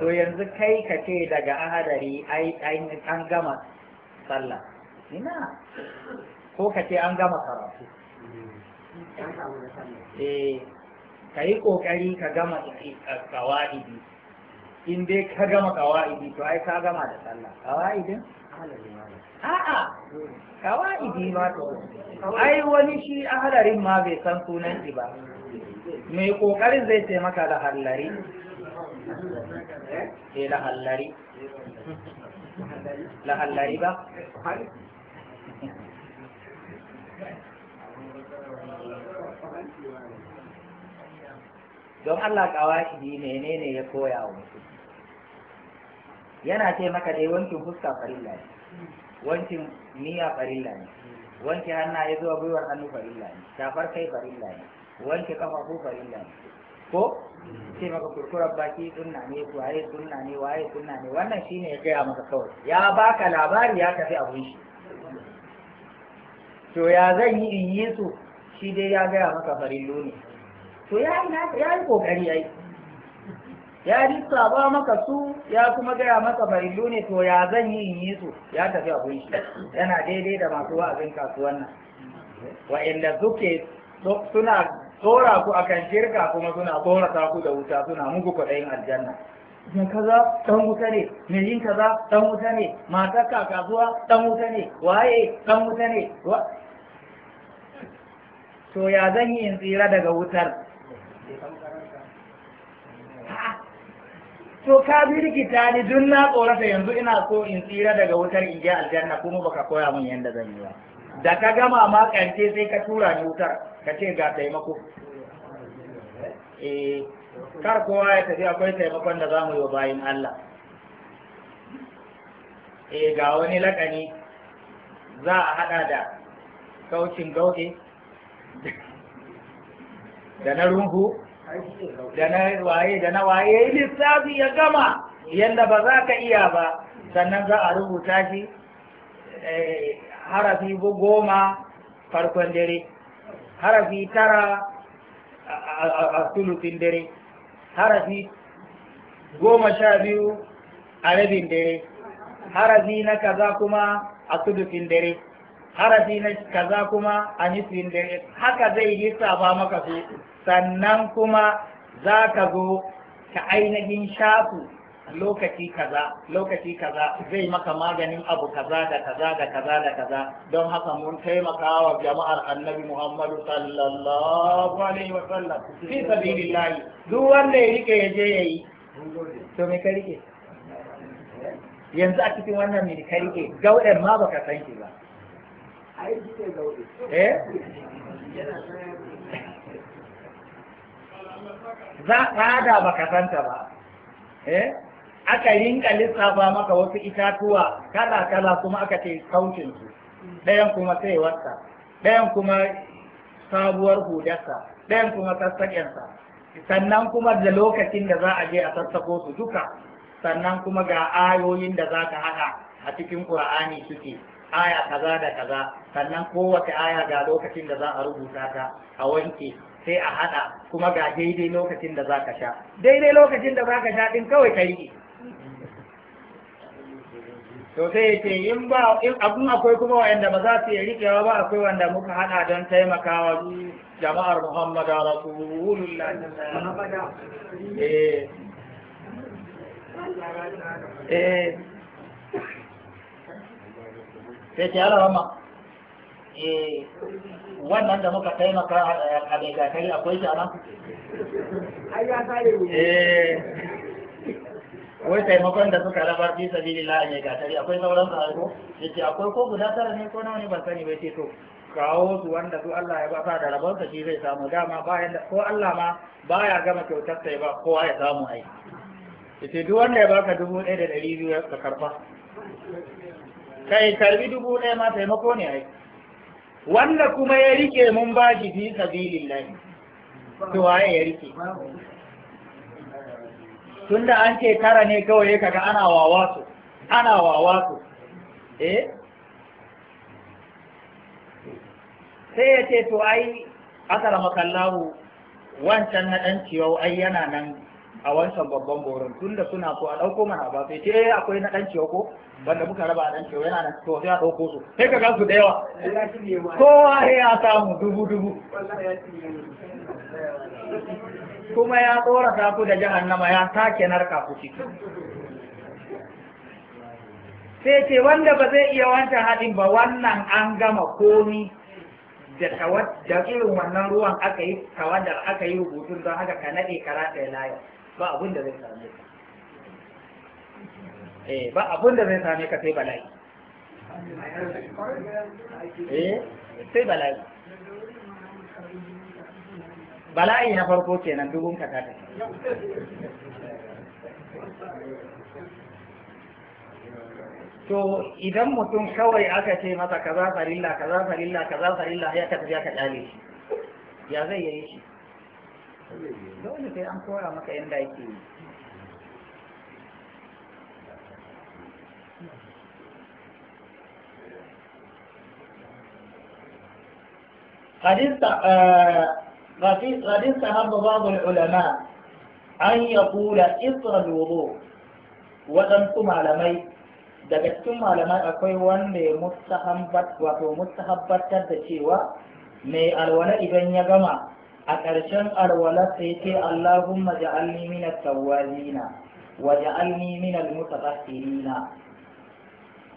to yanzu kai ka ce daga ahadari an gama sallah ina ko ka ce an gama karatu eh ka yi ƙoƙari ka gama ƙawa'idi in dai ka gama ƙawa'idi to ai ka gama da sallah ƙawa'idin a'a ƙawa'idi ma to ai wani shi a halarin ma bai san sunan shi ba mai ƙoƙarin zai ce maka da hallari eh da hallari la hallari ba don Allah kawashidi menene ya koya wa mutum yana ce maka dai wankin fuska farilla ne wankin niyya farilla ne wanke hannaye zuwa gwiwar hannu farilla ne shafar kai farilla ne wanke kafafu farilla ne ko ce maka kurkurar baki sunna ne waye sunna ne waye sunna ne wannan shine ya gaya maka kawai ya baka labari ya tafi abun shi to ya zan yi in yi su shi dai ya gaya maka farillo ne to ya yi kokari ya yi ya lissaba maka su ya kuma gaya maka farillo ne to ya zan yi in yi su ya tafi abin shi yana daidai da masu wa'azin kasuwan nan wa'inda suke suna tsora ku kan shirka kuma suna tsorata ku da wuta suna muku kwaɗayin aljanna mai kaza ɗan wuta ne mai yin kaza ɗan wuta ne matar kasuwa ɗan wuta ne waye ɗan wuta ne to ya zan yi in tsira daga wutar to ka bi rikita ni dun na tsorata yanzu ina so in tsira daga wutar in je aljanna kuma baka koya min yadda zan yi ba da ka gama ma kance sai ka tura ni wutar ka ce ga taimako eh, kar kowa ya tafi akwai taimakon da zamu yi wa bayin Allah eh ga wani lakani za a hada da kaucin gauke da na ruhu da na waye da na waye lissafi ya gama yadda ba za ka iya ba sannan za a rubuta shi eh, harafi goma farkon dare harafi tara a tulufin dare harafi goma sha biyu a rabin dare harafi na kaza kuma a tulufin dare harafi na kaza kuma a nufin dare haka zai yi saba maka su sannan kuma za ka zo ta ainihin shafu lokaci kaza lokaci kaza zai maka maganin abu kaza da kaza da kaza da kaza don haka mun taimaka wa jama'ar annabi muhammadu sallallahu alaihi wa sallam fi sabilillahi duk wanda ya rike ya je yayi to me ka rike yanzu a cikin wannan me ka rike gaudan ma baka san ki ba eh tsada ba ka santa ba eh aka yinka lissafa maka wasu itatuwa kala kala kuma aka ce kaucin su ɗayan kuma sai wasa ɗayan kuma sabuwar hudarsa ɗayan kuma sassaƙensa sannan kuma da lokacin da za a je a sassako su duka sannan kuma ga ayoyin da za ka haɗa a cikin ƙur'ani suke aya kaza da kaza sannan kowace aya ga lokacin da za a rubuta ta a wanke sai a hada kuma ga daidai lokacin da za ka sha daidai lokacin da za ka sha din kawai ka yi to sai ya ce in ba in abun akwai kuma wanda ba za su yi rikewa ba akwai wanda muka hada don taimakawa jama'ar Muhammadu Rasulullah eh eh sai ce ala rama eh, wannan da muka taimaka a mai gatari akwai shi anan eh. wai taimakon da suka rabar fi sabilillah a gatari akwai sauran sa ko yace akwai ko guda tara ne ko nawa ne ban sani bai ce to kawo su wanda su Allah ya basa da sa shi zai samu dama bayan ko Allah ma baya gama kyautar sai ba kowa ya samu ai yace duk wanda ya baka dubu ɗaya da ɗari biyu ya karɓa kai karbi dubu ɗaya ma taimako ne ai wanda kuma ya rike mun ba ji fi sabilillahi to waye ya rike tunda an ce tara ne kawai kaga ana wawa su ana wawa su eh sai ya ce to ai aka makallahu wancan na ɗan ciwo ai yana nan a wancan babban borin tunda suna ko a ɗauko mana ba sai ce eh, akwai na ɗan ciwo ko wanda muka raba a ɗan ciwo yana nan to sai a ɗauko su sai ka gansu da yawa kowa sai ya samu dubu dubu kuma ya tsorata ku da jahannama ya sake narka ku ciki sai ce wanda ba zai iya wancan haɗin ba wannan an gama komi da irin wannan ruwan aka yi tawadar aka yi rubutun don haka ka naɗe kara ɗaya layar ba abun da zai same ka eh ba abun da zai same ka sai bala'i eh sai bala'i bala'i na farko kenan dubun ka ta to idan mutum kawai aka ce masa kaza farilla kaza farilla kaza farilla ya ka tafi aka kyale shi ya zai yi shi dole sai an koya maka yadda ake yi قد استهم بعض an ya يقول إصر الوضوء وأنتم malamai. daga cikin malamai akwai wanda ya wato mustahabbatar da cewa mai alwala idan ya gama a ƙarshen arwalarsa ya ce Allahumma ja'alni min tawazina, tawwabina wa ja'alni min al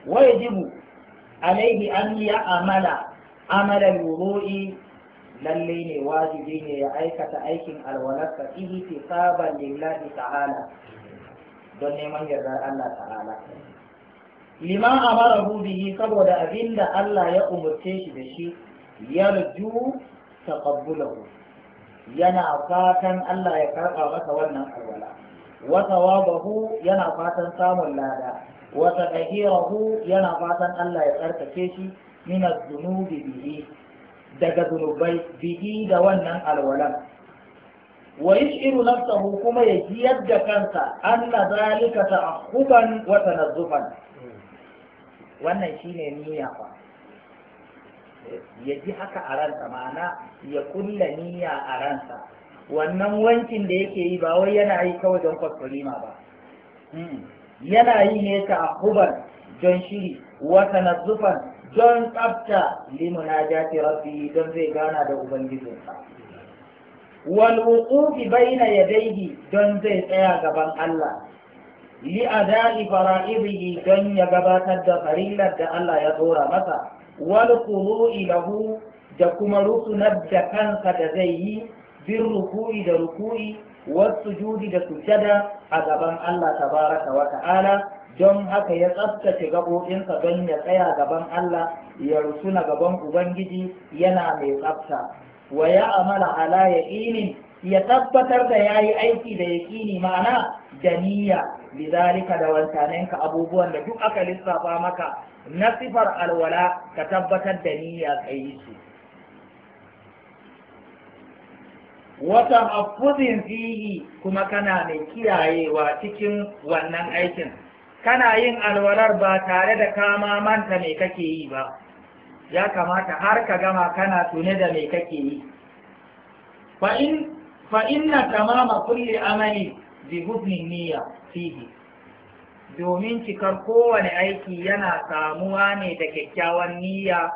wa yajibu alaihi an ya'mala amala amalar wudui lalle ne wajibi ne ya aikata aikin alwalarsa ihtisaban lillahi ta'ala don neman yardar Allah ta'ala lima amarahu bihi saboda abinda Allah ya umarce shi da shi yarju taqabbulahu yana fatan Allah ya karɓa masa wannan alwala wa thawabahu yana fatan samun lada wa tadhirahu yana fatan Allah ya tsarkake shi min zunubi bihi daga zunubai bihi da wannan alwalan wa yashiru nafsahu kuma ya ji yadda kansa anna zalika ta'akhuban wa tanazzufan wannan shine niyya fa ya ji haka a ransa ma'ana ya kulla niyya a ransa wannan wankin da yake yi ba wai yana yi kawai don kwaskwarima ba hmm. yana yi ne ta akuban don shiri wata zufan don tsabta limuna jati rafi don zai gana da ubangijinsa wal wuqufi baina yadayhi don zai tsaya gaban Allah li fara fara'idihi don ya gabatar da farillar da Allah ya tsora masa wal kuru ilahu da kuma rusunar da kansa da zai yi bin ruku'i da ruku'i wasu judi da sujada a gaban Allah tabaraka wa ta'ala don haka ya tsaftace gaɓoɓinsa don ya tsaya gaban Allah ya rusuna gaban Ubangiji yana mai tsafta wa ya amala ala ya ya tabbatar da ya yi aiki da yaƙini ma'ana da niyya lidhalika da wancanenka abubuwan da duk aka lissafa maka na sifar alwala ka tabbatar da niyya ka yi su wata hafuzin fihi kuma kana mai kiyayewa cikin wannan aikin kana yin alwalar ba tare da kama manta mai kake yi ba ya kamata har ka gama kana tune da mai kake yi fa in fa ma tamama kulli amali bi husni niyya fihi domin cikar kowane aiki yana samuwa ne da kyakkyawan niyya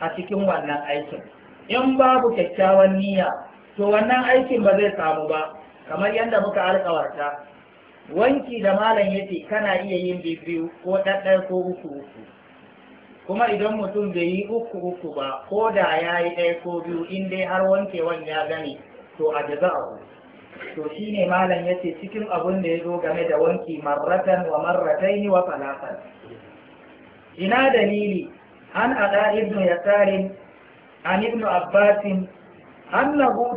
a cikin wannan aikin in babu kyakkyawan niyya to wannan aikin ba zai samu ba kamar yadda muka alkawarta wanki da malam yace kana iya yin bibiyu ko ɗaɗɗaya ko uku uku kuma idan mutum bai yi uku uku ba ko da ya yi ɗaya ko biyu in dai har wankewan ya gane to a abu, to shine malam ya ce cikin abun da ya zo game da wanki marratan wa marratai ni wa talatan ina dalili an ada ibnu yasarin an ibnu abbasin annahu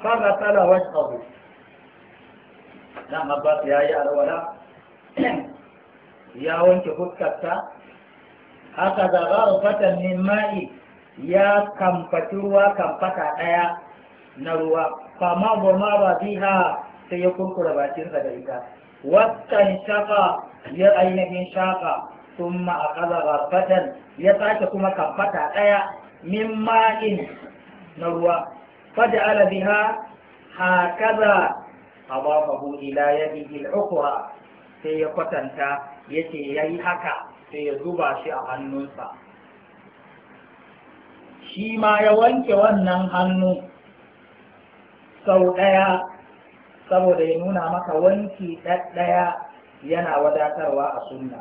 fara fa wa wajhahu nan abbas ya yi alwala ya wanke fuskarta haka zaba gharfatan min ma'i ya kamfaci ruwa kamfata ɗaya na ruwa fama ma ba biha sai ya kurkura bakinsa da ita wakan shafa ya ainihin shafa sun ma'akaza garfatan ya sake kuma kamfata ɗaya min ma'in na ruwa fada ala biha hakaza abafahu ila ya al-ukra sai ya kwatanta yace yayi haka sai ya zuba shi a hannunsa shi ma ya wanke wannan hannu sau ɗaya saboda ya nuna maka wanki ɗaya yana wadatarwa a sunna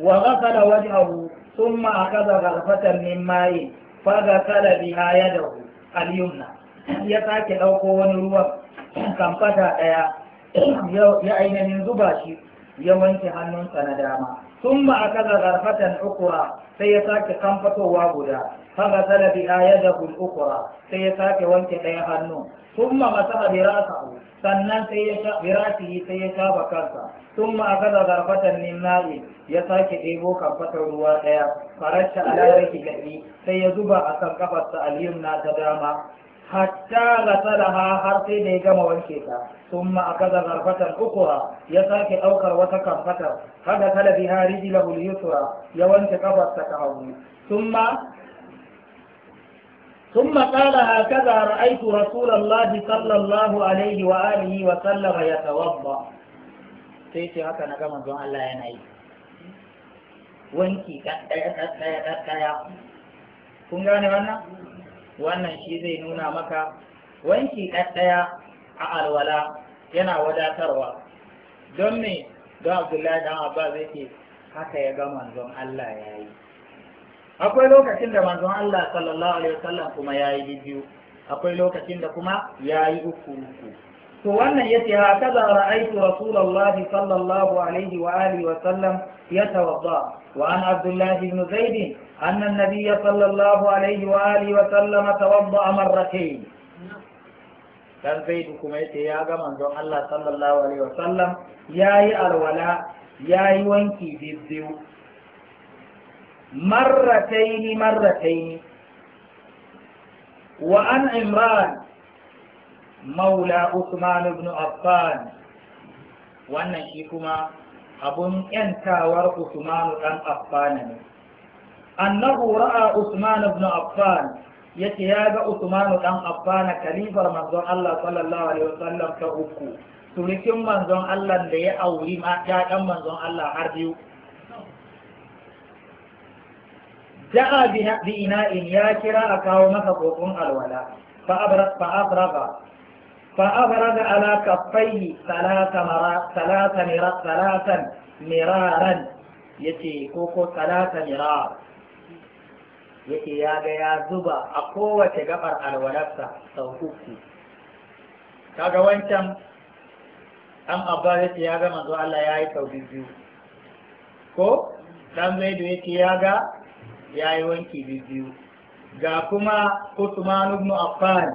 wa ghasala wajhahu thumma akaza ghalfatan min ma'in fa ghasala biha yadahu al-yumna ya sake ɗauko wani ruwan kamfata ɗaya ya ainihin zuba shi ya wanke hannunsa na dama thumma akaza ghalfatan ukura sai ya sake kamfatowa guda فغسل بها يده الأخرى سيساك وانك تيهنو ثم مسح برأسه sannan sai ya sha birasihi sai ya sha bakarsa sun ma aka da zarfatan min na'i ya sake ɗebo kamfatar ruwa ɗaya farasha ala riki gaɗi sai ya zuba a kan kafarsa aliyumna ta dama hatta gasalaha har sai da ya gama wanke ta sun ma aka da zarfatan ukura ya sake ɗaukar wata kamfatar haka talabi ha rijilahul yusra ya wanke kafarsa ta hagu sun ma ثم قال هكذا رأيت رسول الله صلى الله عليه وآله وسلم يتوضأ سيتي هكذا كما الله ينعي wanki ɗaya kun gane wannan wannan shi zai nuna maka wanki ɗaya a alwala yana wadatarwa don me don abdullahi dan abba zai ce haka ya ga manzon Allah ya yi akwai lokacin da manzon Allah sallallahu alaihi wasallam kuma yayi biyu akwai lokacin da kuma yayi uku uku to wannan yace ha kaza ra'aytu rasulullah sallallahu alaihi wa alihi wa sallam yatawadda wa an abdullah ibn zaid anna an-nabiy sallallahu alaihi wa alihi wa sallam tawadda marratayn dan zaid kuma yace ya ga manzon Allah sallallahu alaihi wa sallam yayi alwala yayi wanki biyu مرتين مرتين وعن عمران مولى عثمان بن عفان wannan shi kuma abun yantawar Usman dan Affan ne annahu ra'a Usman ibn Affan yace ya ga Usman dan Affan kalifar manzon Allah sallallahu alaihi wasallam ta uku surikin manzon Allah da ya auri ma ya manzon Allah har biyu da'a bi ina'in ya kira a kawo masa kokon alwala fa abraga fa abraga ala kaffaihi salatan miraran yace ko ko salatan mirar yace ya ga ya zuba a kowace gabar alwalarsa sau uku kaga wancan an abba yace ya ga manzo Allah ya yi sau biyu ko dan zaidu yace ya ga ya yi wanki biyu ga kuma Usman ibn Affan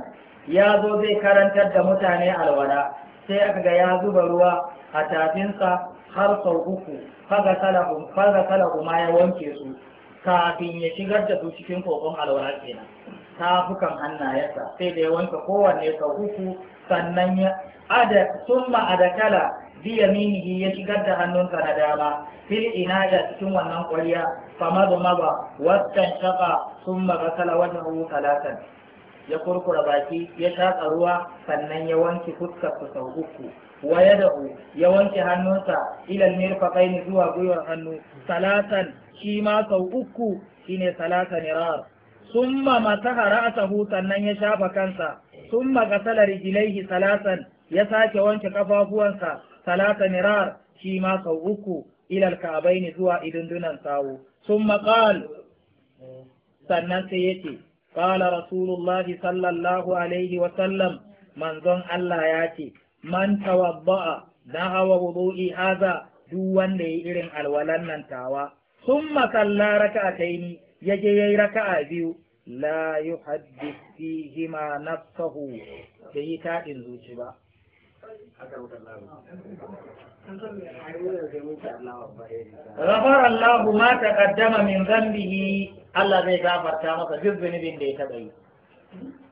ya zo zai karantar da mutane alwala sai aka ga ya zuba ruwa a tafinsa har sau uku faga kala kuma ya wanke su kafin ya shigar da su cikin kokon alwala kenan tafukan hannayensa sai da ya wanke kowanne sau uku sannan ya ada summa adakala bi yaminihi ya shigar da hannunsa na dama fil ina da cikin wannan kwaliya. فمضمض واستنشق ثم غسل وجهه ثلاثا ya kurkura baki ya shaƙa ruwa sannan ya wanke fuskarsa sau uku wa ya dahu ya wanke hannunsa ilal mirfaqain zuwa gwiwar hannu salatan shi ma sau uku shine salatan irar summa masaha ra'sahu sannan ya shafa kansa summa ghasala rijlaihi salatan ya sake wanke kafafuwansa salatan irar shi ma sau uku ilal zuwa idundunan sawu ثم قال sannan sai ya ce ƙala rasulullahi sallallahu alaihi wasallam manzon Allah ya ce man tawabba'a na hawa wudu'i haza duk wanda ya irin alwalan nan tawa sun makalla raka a taini ya je ya yi raka a biyu la yi haddisi hima nafsahu da yi taɗin zuci ba غفر الله ما تقدم kaddama min الله Allah zai gafarta masa duk zunubin da ya taɓa yi.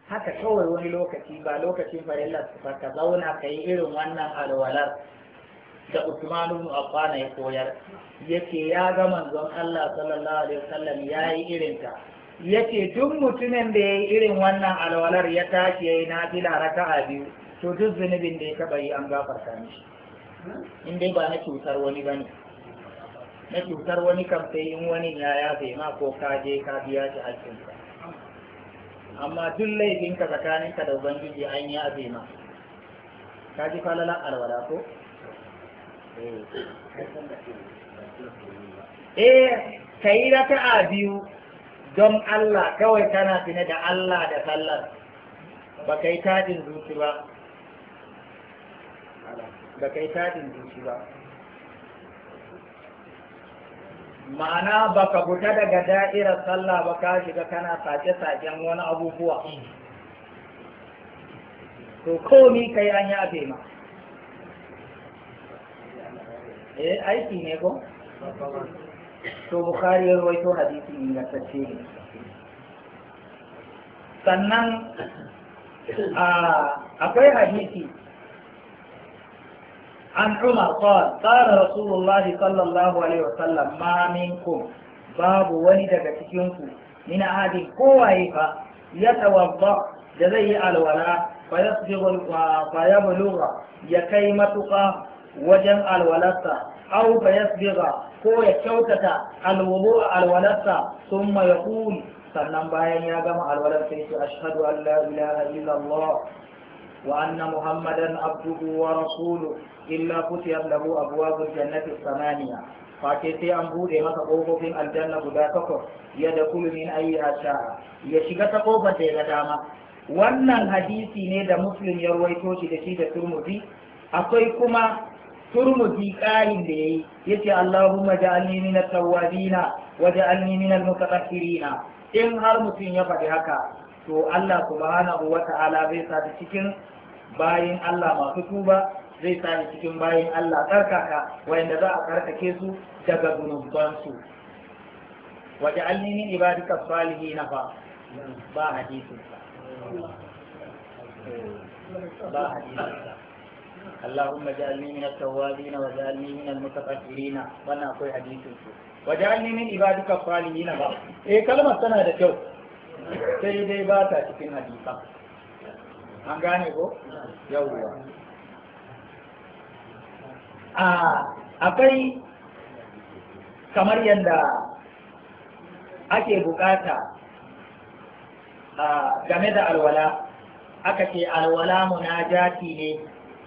Haka kawai wani lokaci ba lokacin farilla ba ka zauna ka yi irin wannan alwalar da usmanu ibn Affan ya koyar yake ya ga manzon Allah sallallahu alaihi wasallam yayi ta, yake duk mutumin da yayi irin wannan alwalar ya tashi yayi nafila raka'a biyu to duk zunubin da ya taba yi an gafarta mishi in dai ba na cutar wani ba ne na cutar wani kam sai in wani ya yafe ma ko ka je ka biya shi ka, amma duk laifinka tsakaninka da ubangiji an yafe ma ka ji falalan alwala ko eh ka yi ta biyu don Allah kawai kana fina da Allah da sallar ba ka yi tajin zuci ba ba kai taɗin dinci ba ma'ana ba ka fita daga da'irar sallah ba ka shiga kana sace saken wani abubuwa to komi kai an yafe ma eh aiki ne ko to bukari ya rawaito hadisin ingantacce ne sannan akwai hadisi عن عمر قال قال رسول الله صلى الله عليه وسلم ما منكم باب ولد تكينكم من أحد كويفة يتوضأ جزي الولاء فيصبغ فيبلغ يكي متقى وجن الولدة أو فيصبغ كو يكوتة الوضوء الولدة ثم يقول sannan bayan ya gama alwalar sai su ashhadu an la ilaha illallah وأن محمدا عبده ورسوله إلا فتحت له أبواب الجنة الثمانية face sai an bude maka ƙofofin aljanna guda takwas ya da min ayi sha'a ya shiga ta ƙofar da ya dama wannan hadisi ne da muslim ya ruwaito shi da shi da turmuzi akwai kuma turmuzi ƙarin da ya yi ya ce allahumma ja'alni min at-tawwabina wa ja'alni min al-mutatahhirina in har mutum ya faɗi haka to Allah subhanahu wa ta'ala zai sa cikin bayin Allah masu tuba zai sa cikin bayin Allah karkaka wanda za a karkake su daga zunubansu waje alnini ibadika salihi na fa ba hadisin ba hadisin اللهم اجعلني من التوابين واجعلني من المتفكرين وانا اقول حديث واجعلني من عبادك na بقى ايه كلمه tana da kyau. sai dai ba ta cikin hadisa an gane ko yawwa a akwai kamar yadda ake bukata game da alwala aka ce alwala munajati ne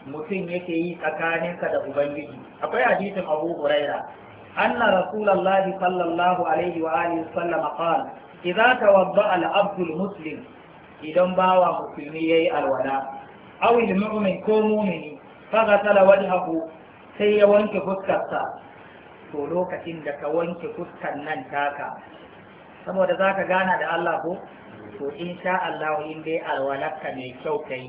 mutum yake yi tsakaninsa da ubangiji akwai hadisin abu huraira anna rasulullahi sallallahu alaihi wa alihi sallam qala idza tawadda al-abdu muslim idan bawa musulmi ya yi alwala aw il mu'min ko mu'mini tara wajhahu sai ya wanke fuskarsa to lokacin da ka wanke fuskar nan taka saboda zaka gana da Allah ko to insha Allah in dai alwalarka mai kyau kai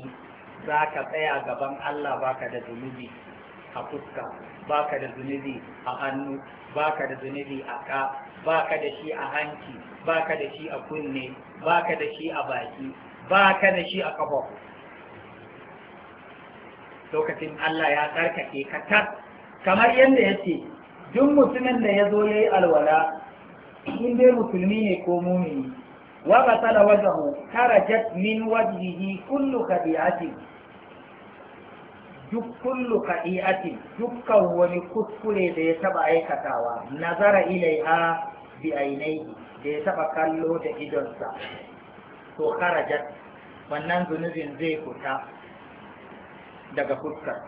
za ka tsaya gaban Allah baka da zunubi a fuska baka da zunubi a hannu baka da zunubi a ka baka da shi a hanci baka da shi a kunne baka da shi a baki baka da shi a kafa lokacin Allah ya tsarkake ka tas kamar yadda yake duk mutumin da ya zo ya yi alwala in dai musulmi ne ko mumini wa basala wajahu karajat min wajhihi kullu khadi'atin duk kullu kadi'atin dukkan wani kuskure da ya taba aikatawa nazara ilaiha bi ainihi da ya taba kallo da idonsa to kharajat wannan zunubin zai fita daga fuskar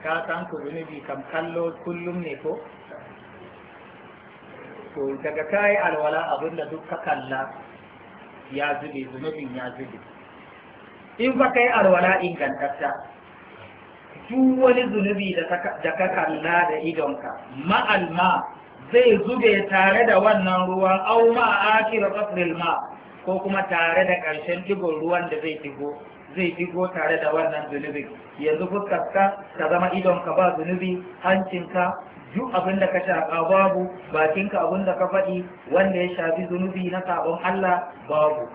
ka san ku zunubi kam kallo kullum ne ko to daga kayi alwala abinda duk ka kalla ya zube zunubin ya zube in ba kai alwala ingantatta duk wani zunubi da ka kalla da idonka ma'alma zai zube tare da wannan ruwan au a akira qasril ma ko kuma tare da ƙarshen digon ruwan da zai digo zai digo tare da wannan zunubin yanzu fuskarka ta zama idonka ba zunubi hancinka duk abin da ka shaƙa babu bakinka abin da ka faɗi wanda ya shafi zunubi na sabon Allah babu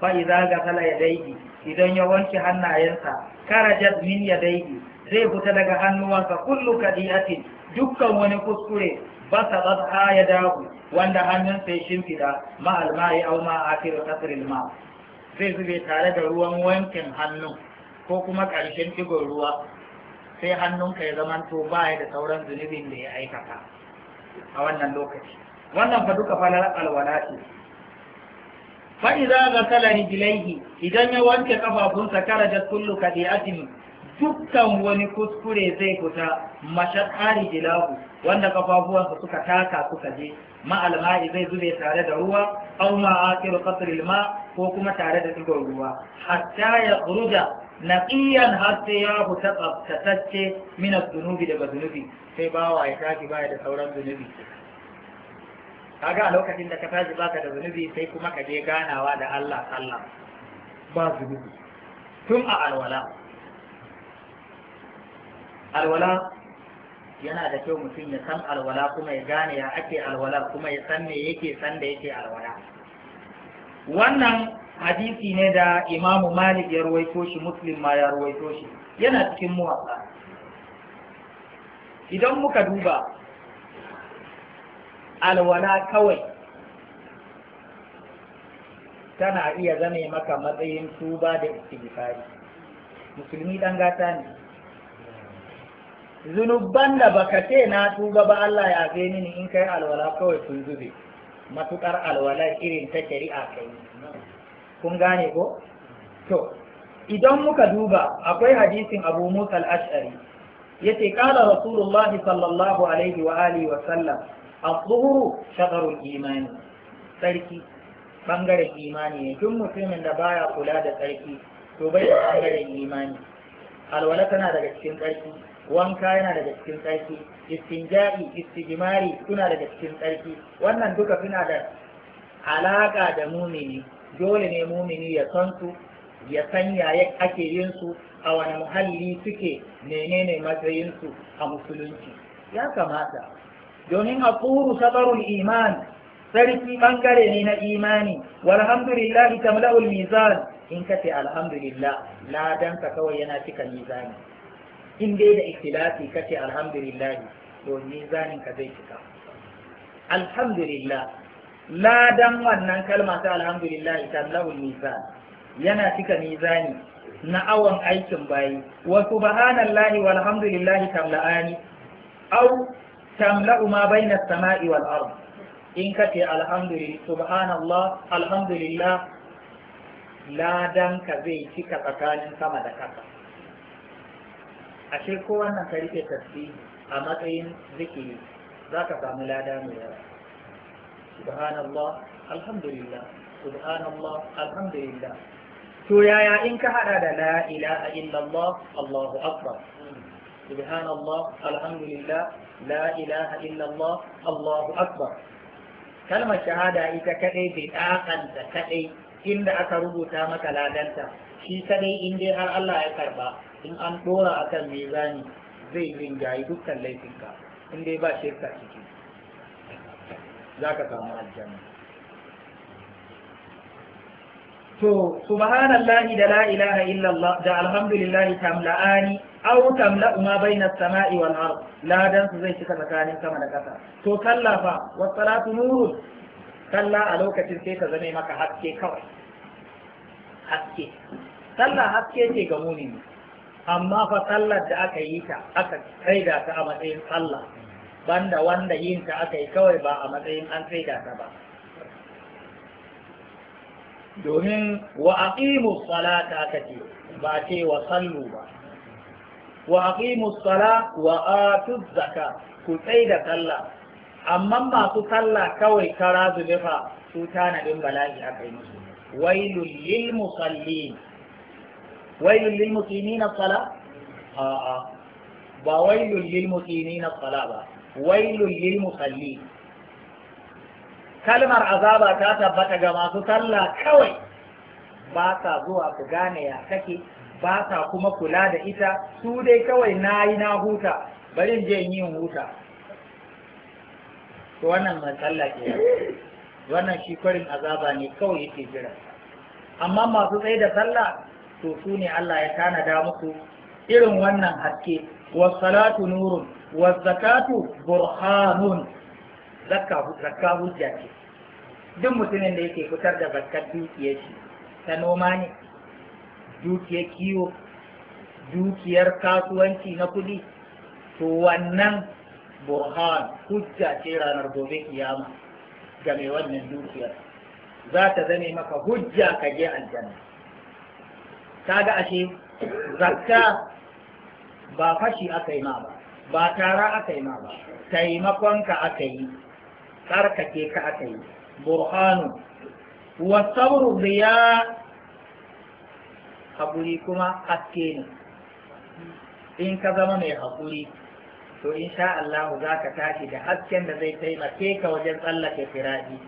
ga tala ya daidi idan ya wanke hannayensa karajat min ya daidi zai fita daga hannuwansa kullu kadiyatin dukkan wani kuskure ba sa tsatsa ya dawo wanda hannun sai shimfida ma almai au ma akiru kasril ma zai zube tare da ruwan wankin hannu ko kuma karshen digon ruwa sai hannunka ya to baya da sauran zunubin da ya aikata a wannan lokaci wannan fa duka falar alwala ce fa idza ghasala rijlaihi idan ya wanke kafafunsa karaja kullu kadi'atin dukkan wani kuskure zai fita mashaƙari gilahu wanda kafafuwansa suka taka suka je ma'alma'i zai zube tare da ruwa au akiru qasril ma ko kuma tare da digon ruwa hatta ya khuruja naqiyan hatta ya fita tsaftatacce min zunubi daga zunubi sai bawa ya tafi baya da sauran zunubi kaga a lokacin da ka tashi baka da zunubi sai kuma ka je ganawa da Allah Allah, ba zunubi tun a alwala alwala yana da kyau mutum ya san alwala kuma ya gane ya ake alwala kuma ya san me yake san da yake alwala wannan hadisi ne da imamu malik ya ruwaito shi muslim ma ya ruwaito shi yana cikin muwatsa idan muka duba alwala kawai tana iya zame maka matsayin tuba da istighfari musulmi dan gata ne zunubban da baka ce na tuba ba Allah ya zai mini in kai alwala kawai sun zube matukar alwala irin ta shari'a kai kun gane ko to idan muka duba akwai hadisin Abu Musa al-Ash'ari yace qala Rasulullahi sallallahu alaihi wa alihi wa sallam al zuhru shagarul imani sarki bangaren imani ne duk mutumin da baya kula da sarki to bai da bangare imani alwala tana daga cikin sarki wanka yana daga cikin tsarki istinja'i istijmari suna daga cikin tsarki wannan duka suna da alaƙa da mumini dole ne mumini ya san su ya san yaya ake yin su a wani muhalli suke menene matsayin su a musulunci ya kamata domin a kuru sabarul iman sarki bangare ne na imani ita tamla'ul mizan in kace alhamdulillah ladanka kawai yana cika mizani in dai da ikhlasi kace alhamdulillah to mizanin ka zai cika alhamdulillah ladan wannan kalma ta alhamdulillah ta lahul mizan yana cika mizani na awon aikin bayi wa subhanallahi walhamdulillah tamla'ani au tamla'u ma baina as-sama'i wal ard in kace alhamdulillah subhanallah alhamdulillah ladan ka zai cika tsakanin sama da ƙasa ashe ko wannan ka rike tasbihi a matsayin zikiri za ka samu lada mai yawa subhanallah alhamdulillah subhanallah alhamdulillah to yaya in ka hada da la ilaha illallah allahu akbar subhanallah alhamdulillah la ilaha illallah allahu akbar kalmar shahada ita kadai bai dakanta kadai inda aka rubuta maka ladanta shi kadai in dai har Allah ya karba in an ɗora akan mizani zai rinjayi dukkan laifinka in dai ba shirka ciki za ka samu aljanna to subhanallahi da la ilaha illallah da alhamdulillah tamla'ani aw tamla'u ma baina as-sama'i wal ard ladan su zai cika tsakanin sama da ƙasa to kalla fa was salatu nurun kalla a lokacin sai ta zame maka haske kawai haske sallah haske ce ga mumini amma fa sallar da aka yi ta aka tsaida ta a matsayin sallah banda wanda yin ta aka yi kawai ba a matsayin an tsaida ta ba domin wa aqimu salata aka ce ba ce wa sallu ba wa aqimu sala wa atu zaka ku da sallah amma masu sallah kawai kara zube fa su tanadin bala'i aka yi musu wailul lil musallin wailul lil muqimina sala a a ba wailul lil muqimina sala ba wailul lil musalli kalmar azaba ta tabbata ga masu sallah kawai ba ta zuwa ku gane ya kake ba ta kuma kula da ita su dai kawai na yi na huta bari je yin huta to wannan matsala ke wannan shi kwarin azaba ne kawai yake jira amma masu tsaye da sallah to su ne Allah ya tanada musu irin wannan haske wasalatu nurun wazakatu burhanun zakka hujja ce duk mutumin da yake fitar da zakkar dukiyar shi ta noma ne dukiyar kiwo dukiyar kasuwanci na kudi, to wannan burhan hujja ce ranar gobe kiyama ga mai wannan dukiyar za ta zame maka hujja ka je aljanna kaga ashe zakka ba fashi aka yi ma ba ba tara aka yi ma ba taimakonka aka yi tsarkake ka aka yi burhanu wa sauru biya haƙuri kuma haske ne in ka zama mai haƙuri to insha Allah za ka tashi da hasken da zai taimake ka wajen tsallake firadi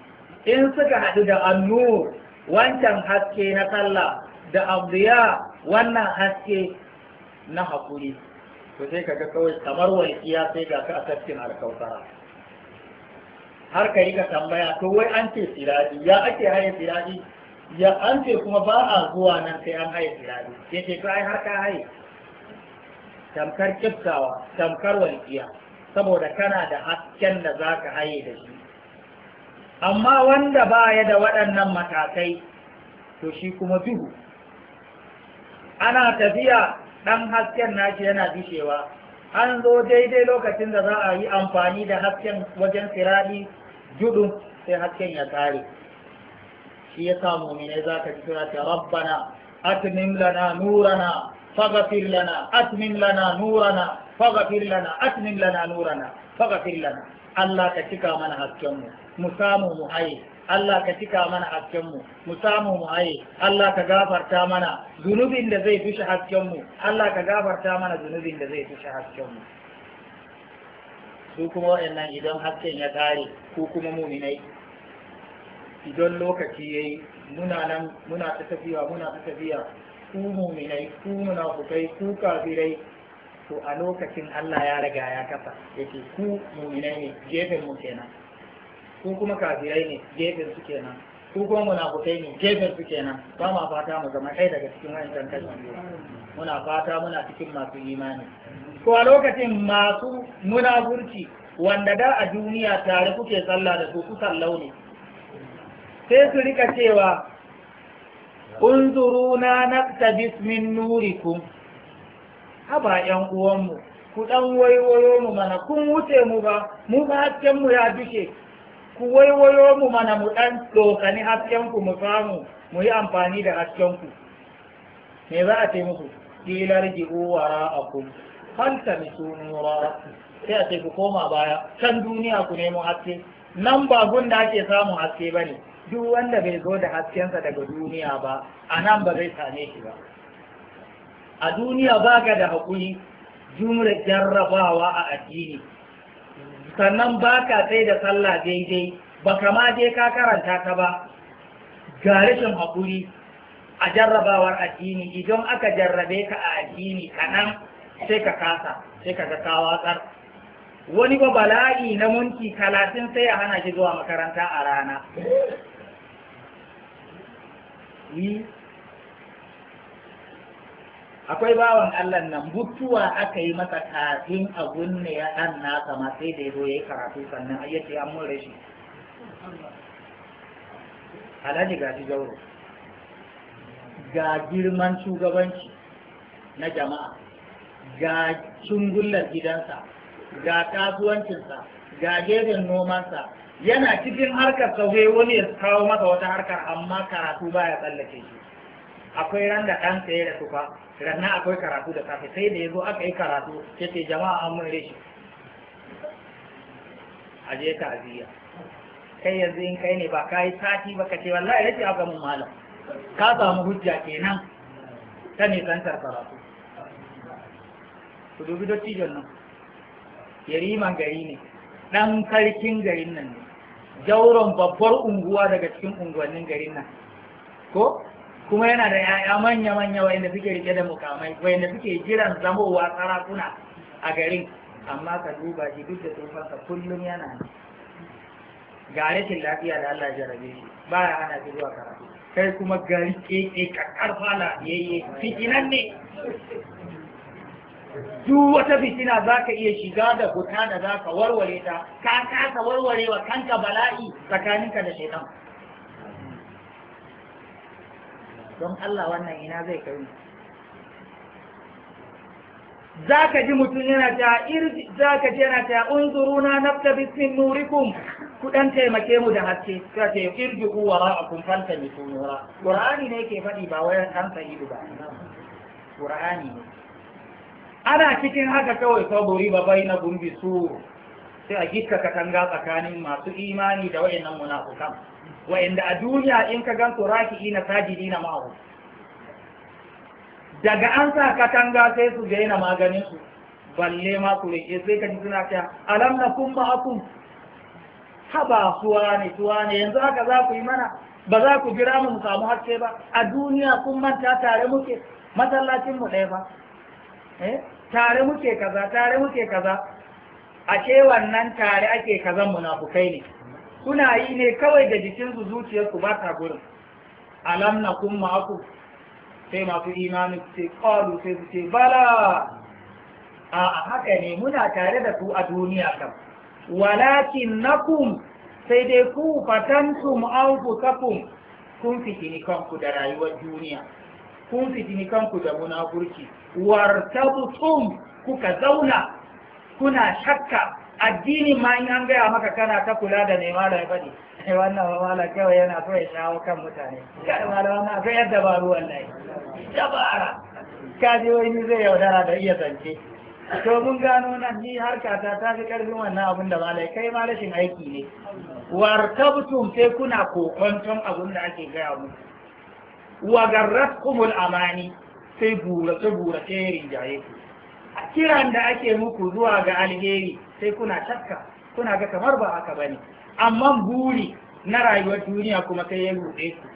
in suka haɗu da annur wancan haske na sallah da abdiya wannan haske na hakuri, to sai kaga kawai kamar walƙiya sai ga ka a tafkin alkautara har ka yi ka tambaya to wai an ce siradi ya ake haye siradi ya an ce kuma ba a zuwa nan sai an haye siradi sai ce to ai har ka haye tamkar kiftawa tamkar walƙiya saboda kana da hasken da za ka haye da shi amma wanda baya da waɗannan matakai to shi kuma duhu ana tafiya ɗan hasken nashi yana bishewa. an zo daidai lokacin da za a yi amfani da hasken wajen sirari judun sai hasken ya kare shi ya samu mine za ka kira ta rabbana atmim lana nurana faghfir lana atmim lana nurana faghfir lana atmim lana nurana faghfir lana Allah ka cika mana hasken mu mu samu mu haye Allah ka cika mana haskenmu mu samu mu haye Allah ka gafarta mana zunubin da zai fushi haskenmu Allah ka gafarta mana zunubin da zai fushi haskenmu su kuma waɗannan idan hasken ya tare, ko kuma muminai idan lokaci yi muna nan muna ta tafiya muna ta tafiya ku muminai ku munafukai ku kafirai to a lokacin Allah ya riga ya kafa yake ku muminai ne gefen mu kenan ku kuma kafirai ne gefen su kenan ku kuma munafukai ne gefen su kenan ba ma fata mu zama kai daga cikin wayancan kashi muna fata muna cikin masu imani ko a lokacin masu munafurci wanda da a duniya tare kuke sallah da su ku sallau ne sai su rika cewa na naqtabis bismin nurikum haba yan uwanmu ku ɗan waiwayo mu mana kun wuce mu ba mu ba hasken mu ya duke. ku waiwayo mu mana mu ɗan hasken ku mu samu mu yi amfani da haskenku me za a ce muku ƙilar ji'u wa a hanta mi nura sai a ce ku koma baya can duniya ku nemo haske nan ba gun da ake samun haske ba ne duk wanda bai zo da haskensa daga duniya ba a nan ba zai same shi ba a duniya ba ka da haƙuri jumlar jarrabawa a addini sannan ba ka tsaye da sallah daidai ba ka ma je ka karanta ta ba ga rashin haƙuri a jarrabawar addini idan aka jarrabe ka a addini kanan sai ka kasa sai ka ga watsar. wani ba bala'i na munki talatin sai a hana shi zuwa makaranta a rana akwai bawan Allah nan mutuwa aka yi masa kafin a ne ya ɗan nasa ma sai da ya zo karatu sannan ya ce an mun rashi alhaji ga jauro ga girman shugabanci na jama'a ga cungullar gidansa ga kasuwancinsa ga gefen nomansa yana cikin harkar sauye wani ya kawo masa wata harkar amma karatu baya tsallake shi akwai randa da ɗan tsaye da tufa rannan akwai karatu da safe sai da ya zo aka yi karatu ya ce jama'a an mun reshi a je ta'aziyya kai yanzu in kai ne ba ka yi sati ba ka ce wallahi ya ce aka mun malam ka samu hujja kenan ta nisantar karatu ku dubi dottijon nan yariman gari ne ɗan sarkin garin nan ne jauron babbar unguwa daga cikin unguwannin garin nan ko kuma yana da yaya manya-manya wanda suke rike da mukamai wanda suke jiran zamowa sarakuna a garin amma ka duba shi duk da tsofansa kullum yana ga rashin lafiya da Allah jarabe shi ba ya hana shi zuwa karatu kai kuma gari keke kakar fala yayye fitinan ne duk wata fitina za ka iya shiga da guta da za ka warware ta ka kasa warwarewa kanka bala'i tsakaninka da shaitan don Allah wannan ina zai kai za ka ji mutum yana ta irji za ka ji yana ta unzuruna nafta bismin nurikum ku dan taimake mu da haske ka ce irji wa ra'akum fanta bi sunura qur'ani ne yake faɗi ba wai an ido ba qur'ani ne ana cikin haka kawai saburi ba baina gumbi su sai a gikka katanga tsakanin masu imani da wayannan munafikan wa'inda a duniya in ka gan raki ina, sajidi na ma'ahu daga an sa katanga sai su daina maganin su balle ma ku rike sai ka ji suna cewa alam na kun ma'akum haba suwa ne suwa ne yanzu haka za ku yi mana ba za ku jira mu samu haske ba a duniya kun manta tare muke masallacin mu ɗaya ba eh, tare muke kaza tare muke kaza A ce wannan tare ake kazan munafukai ne Kuna yi ne kawai da jikinsu zuciyarku ba ta gurin alam na kun maku, sai masu imani ce ƙwalu sai su ce bala a haka ne muna tare da su a duniya kam walakin na kun, sai dai ku fatantum anfusakum kun fitini kanku da rayuwar duniya kun fitini kanku da munafurci wartabtum kuka zauna kuna shakka addini ma in an gaya maka kana ta kula da nema da ya faɗi eh, wannan ba mala kawai yana so ya shawo kan mutane kai malama na sai yadda ba ruwan lai dabara kajiyoyi zai yaudara da iya zance to mun gano nan ni harka ta ta fi karfin wannan abin da malai kai ma rashin aiki ne wartabtum sai kuna kokonton abin da ake gaya mu wa garratkumul amani sai burace burace rinjaye kiran da ake muku zuwa ga alheri sai kuna shakka kuna ga kamar ba haka bane amma buri na rayuwar duniya kuma kai ya ruɗe ku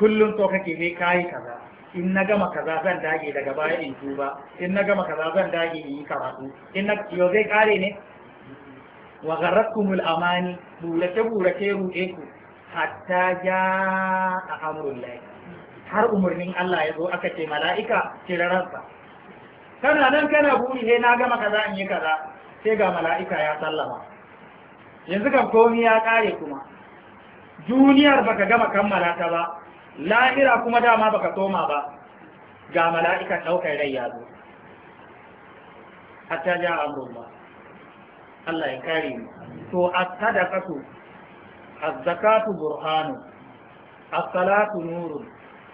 kullum to kake kai kayi kaza in na gama kaza zan dage daga baya in tuba in na gama kaza zan dage yi karatu in na yau zai kare ne wa garrakumul amani burace burace ruɗe ku hatta ja a amurin har umarnin Allah ya zo aka ce mala'ika cire ransa kana nan kana buri sai na gama kaza in yi kaza sai ga mala'ika ya sallama yanzu kan komi ya ƙare kuma duniyar baka gama kammala ta ba lahira kuma dama baka soma ba ga mala’ika ɗaukar rai ya zo hatta ja amurwa Allah ya kare mu to as kasu a zakatu burhanu a salatu nurun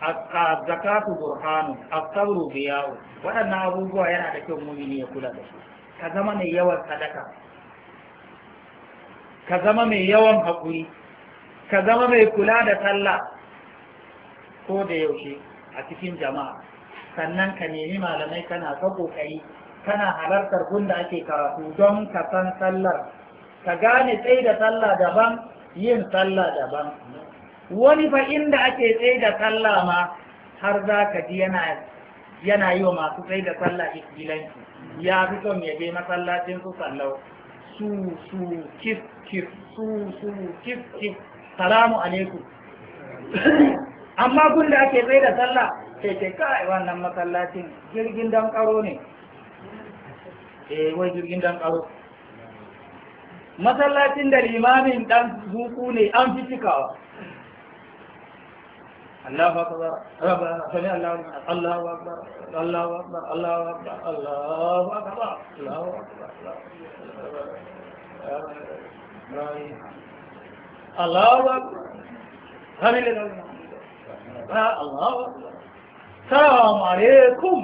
a zakatu burhanu a sauro biyawo waɗannan abubuwa yana da kyau mumini ya kula da su ka zama mai yawan sadaka ka zama mai yawan haƙuri ka zama mai kula da sallah ko da yaushe a cikin jama'a sannan ka nemi malamai kana ta ƙoƙari kana halartar gunda ake karatu don ka san sallar ka gane tsaye da sallah daban yin sallah daban wani fa inda ake tsaye da sallah ma har za ka ji yana yi wa masu tsaye da sallah ikilanci ya fi son ya je masallacin su sallau su su kif kif su su kif kif salamu alaikum amma kun da ake bai da sallah sai ce kai wannan masallacin jirgin dan karo ne eh wai jirgin dan karo masallacin da limamin dan zuku ne an fi cikawa الله أكبر سمع الله الله أكبر الله أكبر الله أكبر الله أكبر الله أكبر الله أكبر سمع الله أكبر السلام عليكم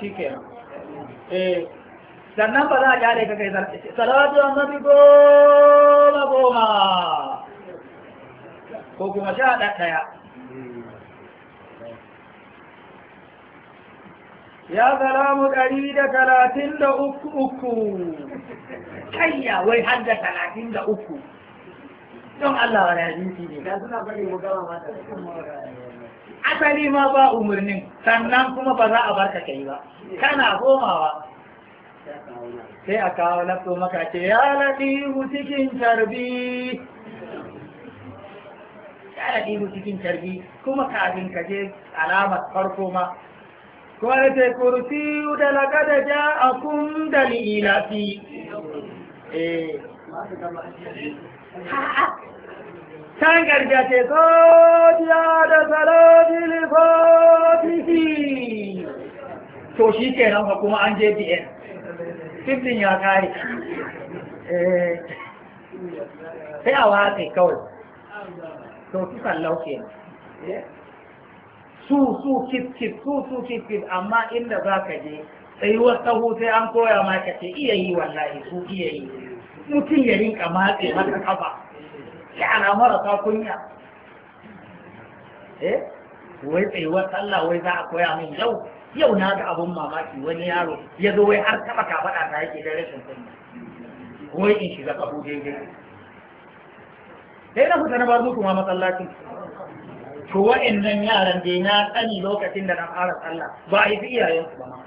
شكرا sannan ba za a kyale ka kai zarce salatu annabi goma goma ko kuma sha ɗaya ya salamu ɗari da talatin da uku uku kayya wai har da talatin da uku don Allah wa rajinki ne asali ma ba umarnin sannan kuma ba za a barka kai ba kana komawa sai a kawo lafto maka ce ya laɗihu cikin tarbi ya laɗihu cikin tarbi kuma kafin ka je alamar farko ma kwalite kursi da lagada ja a kun dalila fi kan karfe ce sojiya da saloji lifofisi to shi ke nan fa kuma an je bn fifin ya kare sai a watsa kawai to fi kallau ke nan su su kif kif su su kif kif amma inda za ka je sai wasu sai an koya ma ka ce iya yi wallahi su iya yi mutum ya rinka matse maka kafa yana marasa kunya eh wai sai tsayuwar sallah wai za a koya min yau yau na ga abun mamaki wani yaro ya zo wai har taba ka faɗa ta yake da rashin sani wai in shiga kabu daidai dai na fita na bar muku ma masallacin to wa'annan yaran da na sani lokacin da na fara sallah ba a yi fi iyayensu ba ma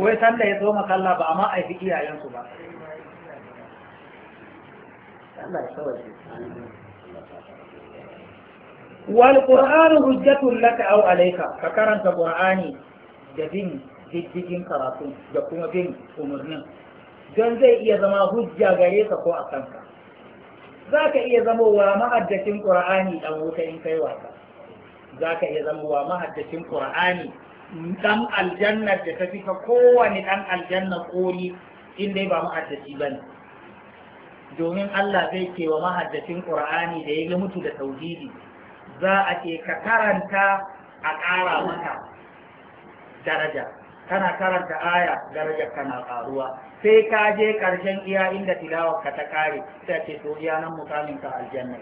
wai sallah ya zo makalla ba amma a yi fi iyayensu ba Allah ya kawai wal qur'anu hujjatun laka aw alayka ka karanta qur'ani da bin diddigin karatu da kuma bin umarnin don zai iya zama hujja gare ka ko a kanka za ka iya zamowa mahaddacin ƙura'ani ɗan wuta in kai wasa za ka iya zamowa mahaddacin ƙura'ani ɗan aljannar da ta fi ka kowane ɗan aljannar ƙori in dai ba mahaddaci ba ne domin Allah zai ce wa mahaddacin ƙur'ani da ya mutu da tauhidi za a ce ka karanta a ƙara maka daraja kana karanta aya darajar kana karuwa sai ka je karshen iya inda tilawar ka ta kare sai ce to iya nan mutanen ka aljanna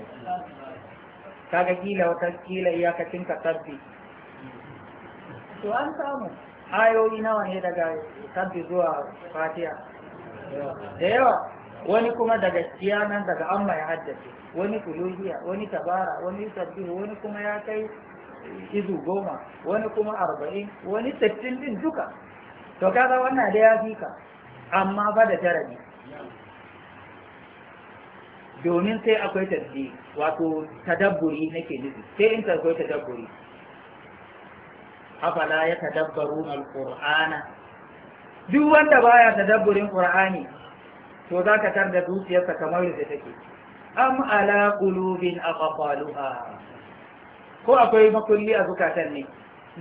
kaga kila wata kila iyakacin ka sabbi to an samu ayoyi nawa ne daga sabbi zuwa fatiha da yawa wani kuma daga ciyanan daga amma ya haddace wani kuluhiya wani tabara wani tabbi wani kuma ya kai izu goma wani kuma arba'in wani sittin din duka to kaga wannan da ya fi ka amma ba da jarabi domin sai akwai tasdi wato tadabburi nake nufi sai in akwai tadabburi afala ya na alƙur'ana duk wanda baya tadabburin qur'ani to za ka tar da zuciyarsa kamar yadda take am ala qulubin aqfaluha ko akwai makulli a zukatan ne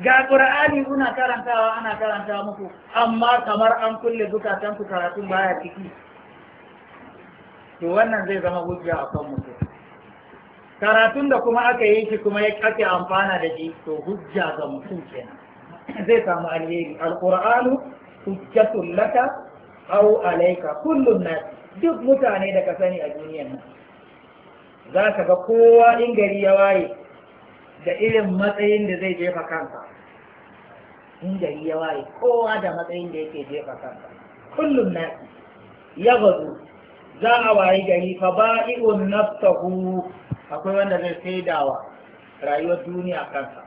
ga ƙur'ani kuna karantawa ana karanta muku amma kamar an kulle zukatan ku karatun baya ciki to wannan zai zama hujja a kan mutum karatun da kuma aka yi shi kuma ake amfana da shi to hujja ga mutum kenan zai samu alheri alqur'anu hujjatul laka aw alayka kullun nas duk mutane da ka sani a duniyar nan za ka ga kowa in gari ya waye da irin matsayin da zai jefa kansa in gari ya waye kowa da matsayin da yake jefa kansa kullum nasi ya bazu za a wayi gari fa ba iun nafsahu akwai wanda zai dawa rayuwar duniya kansa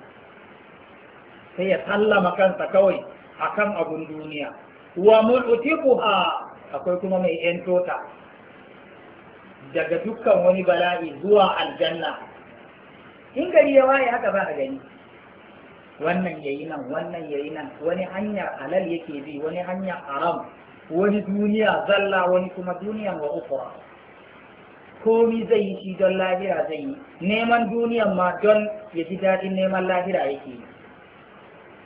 sai ya sallama kansa kawai akan abun duniya wa mu'tiquha akwai kuma mai yantota daga dukkan wani bala'i zuwa aljanna in gari ya waye haka ba a gani wannan yayi nan wannan yayi nan wani hanya halal yake bi wani hanya haram wani duniya zalla wani kuma duniyan wa Ko komi zai yi shi don lahira zai yi neman duniyan ma don ya ji daɗin neman lahira yake yi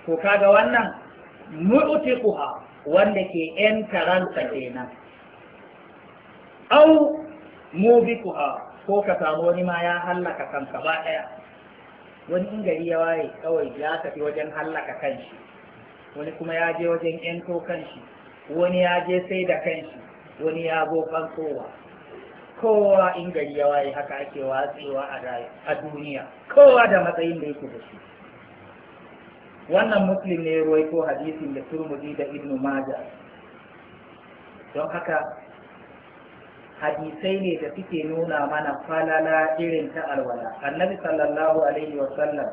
Ko kaga wannan mu'tiquha wanda ke yan karanta kenan au mubiquha ko ka samu wani ma ya hallaka kanka ba ɗaya wani in gari ya waye kawai ya tafi wajen hallaka kanshi wani kuma ya je wajen yanto kanshi wani ya je sai da kanshi wani ya zo kowa kowa in gari ya waye haka ake watsewa a duniya kowa da matsayin da yake da shi wannan muslim ne ruwai ko hadisin da turmudi da ibnu maja don haka hadisai ne da suke nuna mana falala irin ta alwala annabi sallallahu alaihi wa sallam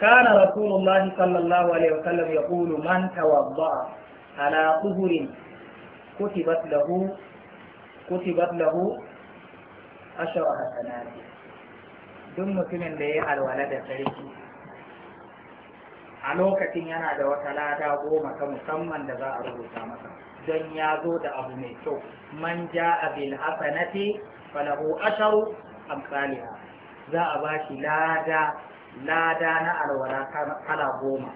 kana rasulullah sallallahu alaihi wa sallam yaqulu man tawadda ala quhurin kutibat lahu kutibat lahu ashara hasanat duk mutumin da ya alwala da sarki a lokacin yana da wata lada goma ta musamman da za a rubuta masa don ya zo da abu mai kyau man ja'a bil hasanati falahu asharu amsalha za a shi lada lada na alwala kala goma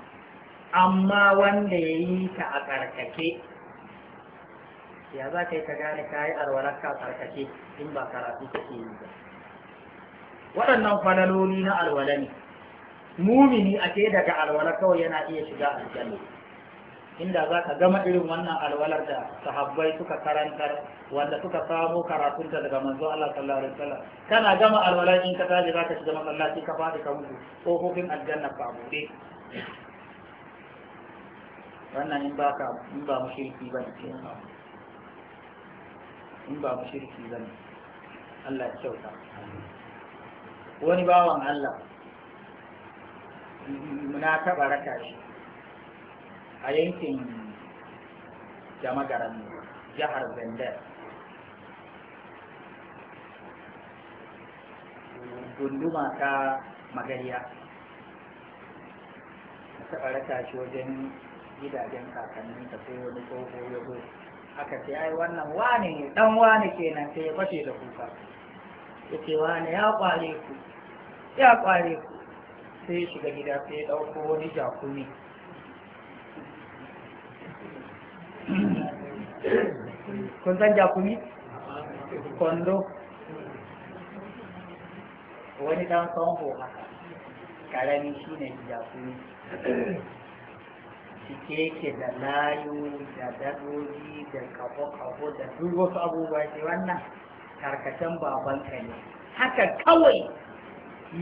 amma wanda ya yi ta a tsarkake ya za ka yi ka gane ka yi alwalarka a tsarkake in ba karatu take yi ba waɗannan falaloli na alwala ne mumini a daga alwala kawai yana iya shiga aljanna inda za ka gama irin wannan alwalar da sahabbai suka karantar wanda suka samo karatunta daga manzo Allah sallallahu alaihi wasallam kana gama alwalar in ka tashi za ka shiga masallaci ka fadi ka mutu kofofin aljanna ka bude wannan in ba ka in ba mushriki bane in ba mushriki bane Allah ya kyauta wani bawan Allah na taɓa raka shi a yankin jamagaran jihar zandar gunduma ta magariya a taɓa shi wajen gidajen kakannin ta ko wani tsoho ya zo aka ce ai wannan wane dan wane kenan sai ya fashe da kuka ya ce wane ya kware ku ya kware ku sai ya shiga gida sai ya ɗauko wani jakumi kun san jakumi wani dan sanho haka karami shi ne jakumi cike ke da layu da dadoji da kafo-kafo da duk wasu abubuwa ce wannan karkashin baban ka ne haka kawai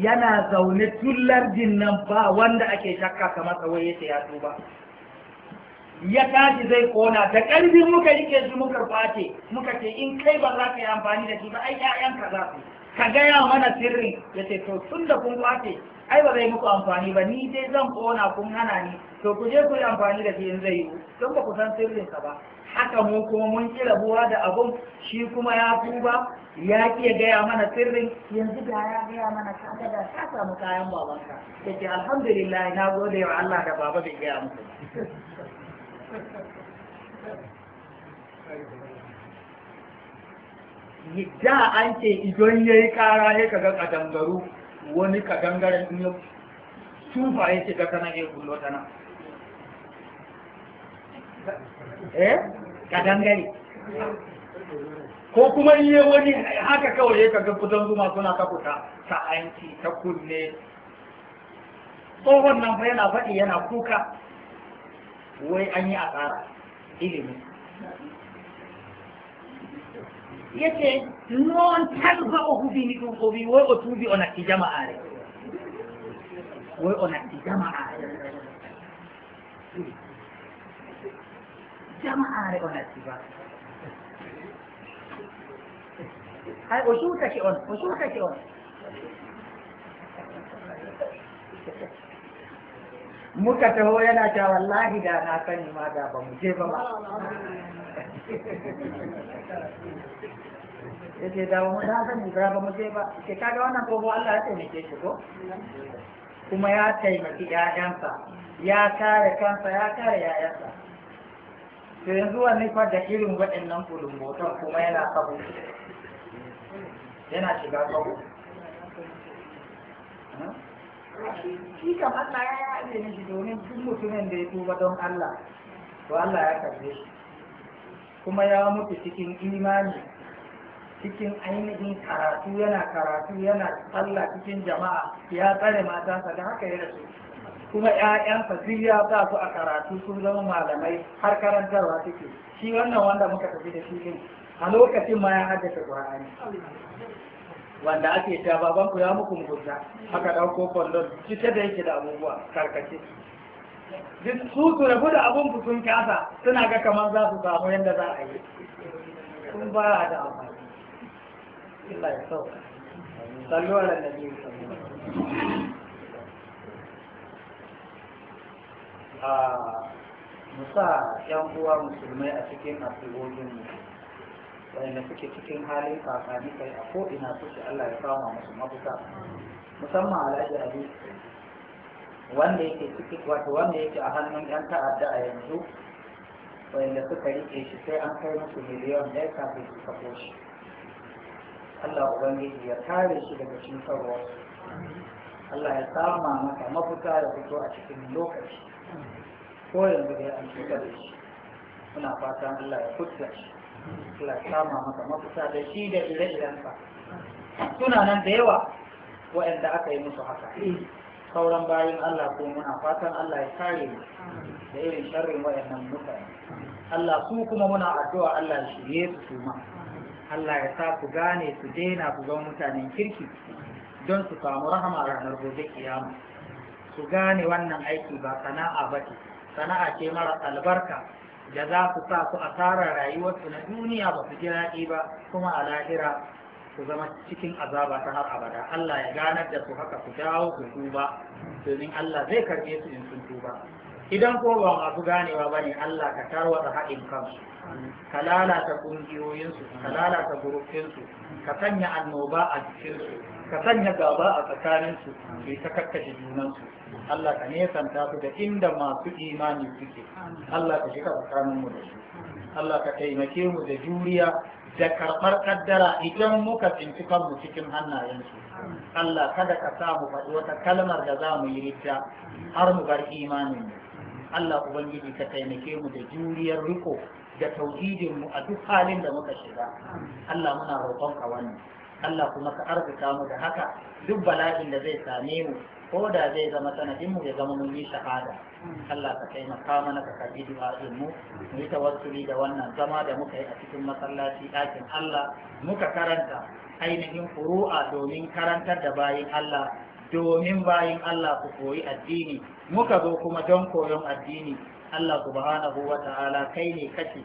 yana zaune tun lardin nan ba wanda ake shakka kamar kawai yace ya tuba ya tashi zai kona da ƙarfi muka rike su muka kwace muka ce in kai ba za ka yi amfani da shi ba ai ƴaƴanka za su ka gaya mana sirri ya ce to tun da kun kwace ai ba zai muku amfani ba ni dai zan kona kun hana ni to ku je ku yi amfani da shi in zai yi don ba ku san ka ba haka mu kuma mun ki rabuwa da abun shi kuma ya tuba ya ki gaya mana sirrin yanzu da ya gaya mana kaga da ka samu kayan babanka yace alhamdulillah na gode wa Allah da baba bai gaya muku da an ce idon ya yi kara ya kaga kadangaru wani kadangaren in ya tufa ya ce ta nan ya kullo ta nan eh kadangare ko kuma in yi wani haka kawai ya kaga kudan zuma suna ta kuta ta anci ta kunne tsohon nan fa yana faɗi yana kuka wai an yi asara ilimi ce non talba o hubi ni ko bi wai o tubi ona ti jama'a re wai ona ti jama'a re jama'a re ona ti ba ai o shuka ki on o shuka ki on muka taho yana ta wallahi da na sani ma da ba mu je ba ba yake da mu na sani da ba mu je ba ke kaga wannan gobo Allah ya taimake shi ko kuma ya taimaki ƴaƴansa ya kare kansa ya kare ƴaƴansa to yanzu wani fa da irin waɗannan kulumbotan kuma yana kabo yana shiga kabo shi kam Allah ya domin duk mutumin da ya tuba don Allah to ya karbe shi kuma ya mutu cikin imani cikin ainihin karatu yana karatu yana tsalla cikin jama'a ya tsare matansa da haka ya rasu kuma ‘ya'yansa duk ya sa su a karatu sun zama malamai har karantarwa suke shi wannan wanda muka tafi da shi a lokacin ma ya haddace ƙwa'ani wanda ake ta baban ku ya muku mugunta haka ɗauko kwallon cike da yake da abubuwa karkace duk su su rabu da abun ku sun kasa suna ga kamar za su samu yadda za a yi sun ba da amfani Allah ya sauka sallu ala nabi a ah, musa yan uwa musulmai a cikin asibokin musulmai wanda suke cikin halin kakani kai a ko'ina suke Allah ya kama musu mafita musamman alhaji abu wanda yake ciki wato wanda yake a hannun yan ta'adda a yanzu wanda suka rike shi sai an kai musu miliyan ɗaya kafin su kafo shi Allah Ubangiji ya kare shi daga cutarwa Allah ya kama maka mafita ya fito a cikin lokaci ko yanzu dai an cutar da shi muna fatan Allah ya kuta shi Allah kama mafita da shi da ire-irensa suna nan da yawa waɗanda aka yi musu haka sauran bayan Allah ko muna fatan Allah ya kare mu da irin sharrin waɗannan mutane Allah su kuma muna addu'a Allah ya shirye su su ma Allah ya sa ku gane su daina ku zama mutanen kirki don su samu rahama ranar gobe kiyama su gane wannan aiki ba sana'a ba ce sana'a ce mara albarka da za su sa su asarar rayuwarsu na duniya ba su ji daɗi ba kuma a lahira su zama cikin azaba ta har abada Allah ya ganar da su haka su dawo su tuba domin Allah zai karɓe su in sun tuba idan ko ba masu ganewa ba ne Allah ka tarwata haɗin kansu ka lalata ƙungiyoyinsu ka lalata gurufinsu ka sanya annoba a jikinsu ka sanya gaba a tsakaninsu su ta kakkashe junansu Allah ka nesanta su da inda masu imani suke Allah ka shiga tsakaninmu da su Allah ka taimake mu da juriya da karɓar kaddara idan muka tsinci kanmu cikin hannayensu Allah kada ka sa mu faɗi wata kalmar da za mu yi hijja har mu bar imanin mu Allah ubangiji ka taimake mu da juriyar riko da tauhidin mu a duk halin da muka shiga Allah muna roƙon ka wannan Allah kuma ka arzuta mu da haka duk bala'in da zai same mu ko da zai zama sanadin mu ya zama mun yi shahada Allah ka taimaka mana ka karbi du'a'in mu mu yi tawassuli da wannan zama da muka yi a cikin masallaci ɗakin Allah muka karanta ainihin furu'a domin karantar da bayin Allah domin bayin Allah ku koyi addini muka zo kuma don koyon addini Allah subhanahu wa ta'ala kai ne kace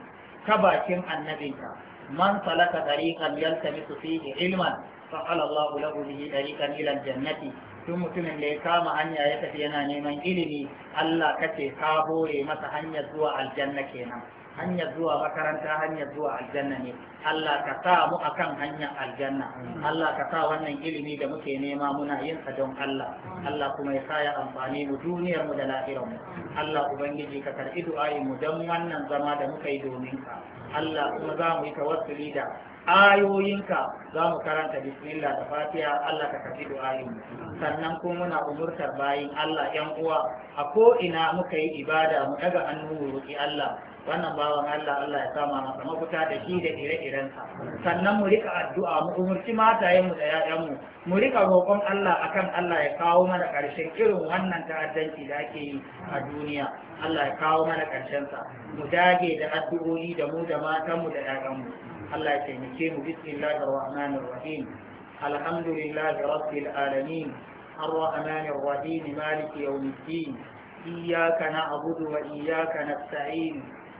ka bakin annabinka man salaka tariqan yaltamisu fihi ilman fa Allah lahu bihi tariqan ila jannati duk mutumin da ya kama hanya ya tafi yana neman ilimi Allah kace ka hore masa hanyar zuwa aljanna kenan hanyar zuwa makaranta hanyar zuwa aljanna ne Allah ka sa mu akan hanyar aljanna Allah ka sa wannan ilimi da muke nema muna yin sa don Allah Allah kuma ya sa ya amfani mu duniyar mu da lahirar mu Allah ubangiji ka karbi du'ayin mu don wannan zama da muka yi domin ka Allah kuma za mu yi tawassuli da ayoyinka za mu karanta bismillah da fatiha Allah ka karbi du'ayin mu sannan kuma muna umurtar bayin Allah yan uwa a ko ina muka yi ibada mu daga hannu mu Allah wannan bawan Allah Allah ya kama masa mafita da shi da ire-irensa sannan mu rika addu'a mu umurci matayenmu da ƴaƴanmu mu rika roƙon Allah akan Allah ya kawo mana ƙarshen irin wannan ta'addanci da ake yi a duniya Allah ya kawo mana ƙarshen sa mu dage da addu'o'i da mu da matanmu da ƴaƴanmu Allah ya taimake mu bismillahir rahmanir rahim alhamdulillahi rabbil alamin الرحمن الرحيم مالك يوم إياك نعبد وإياك نستعين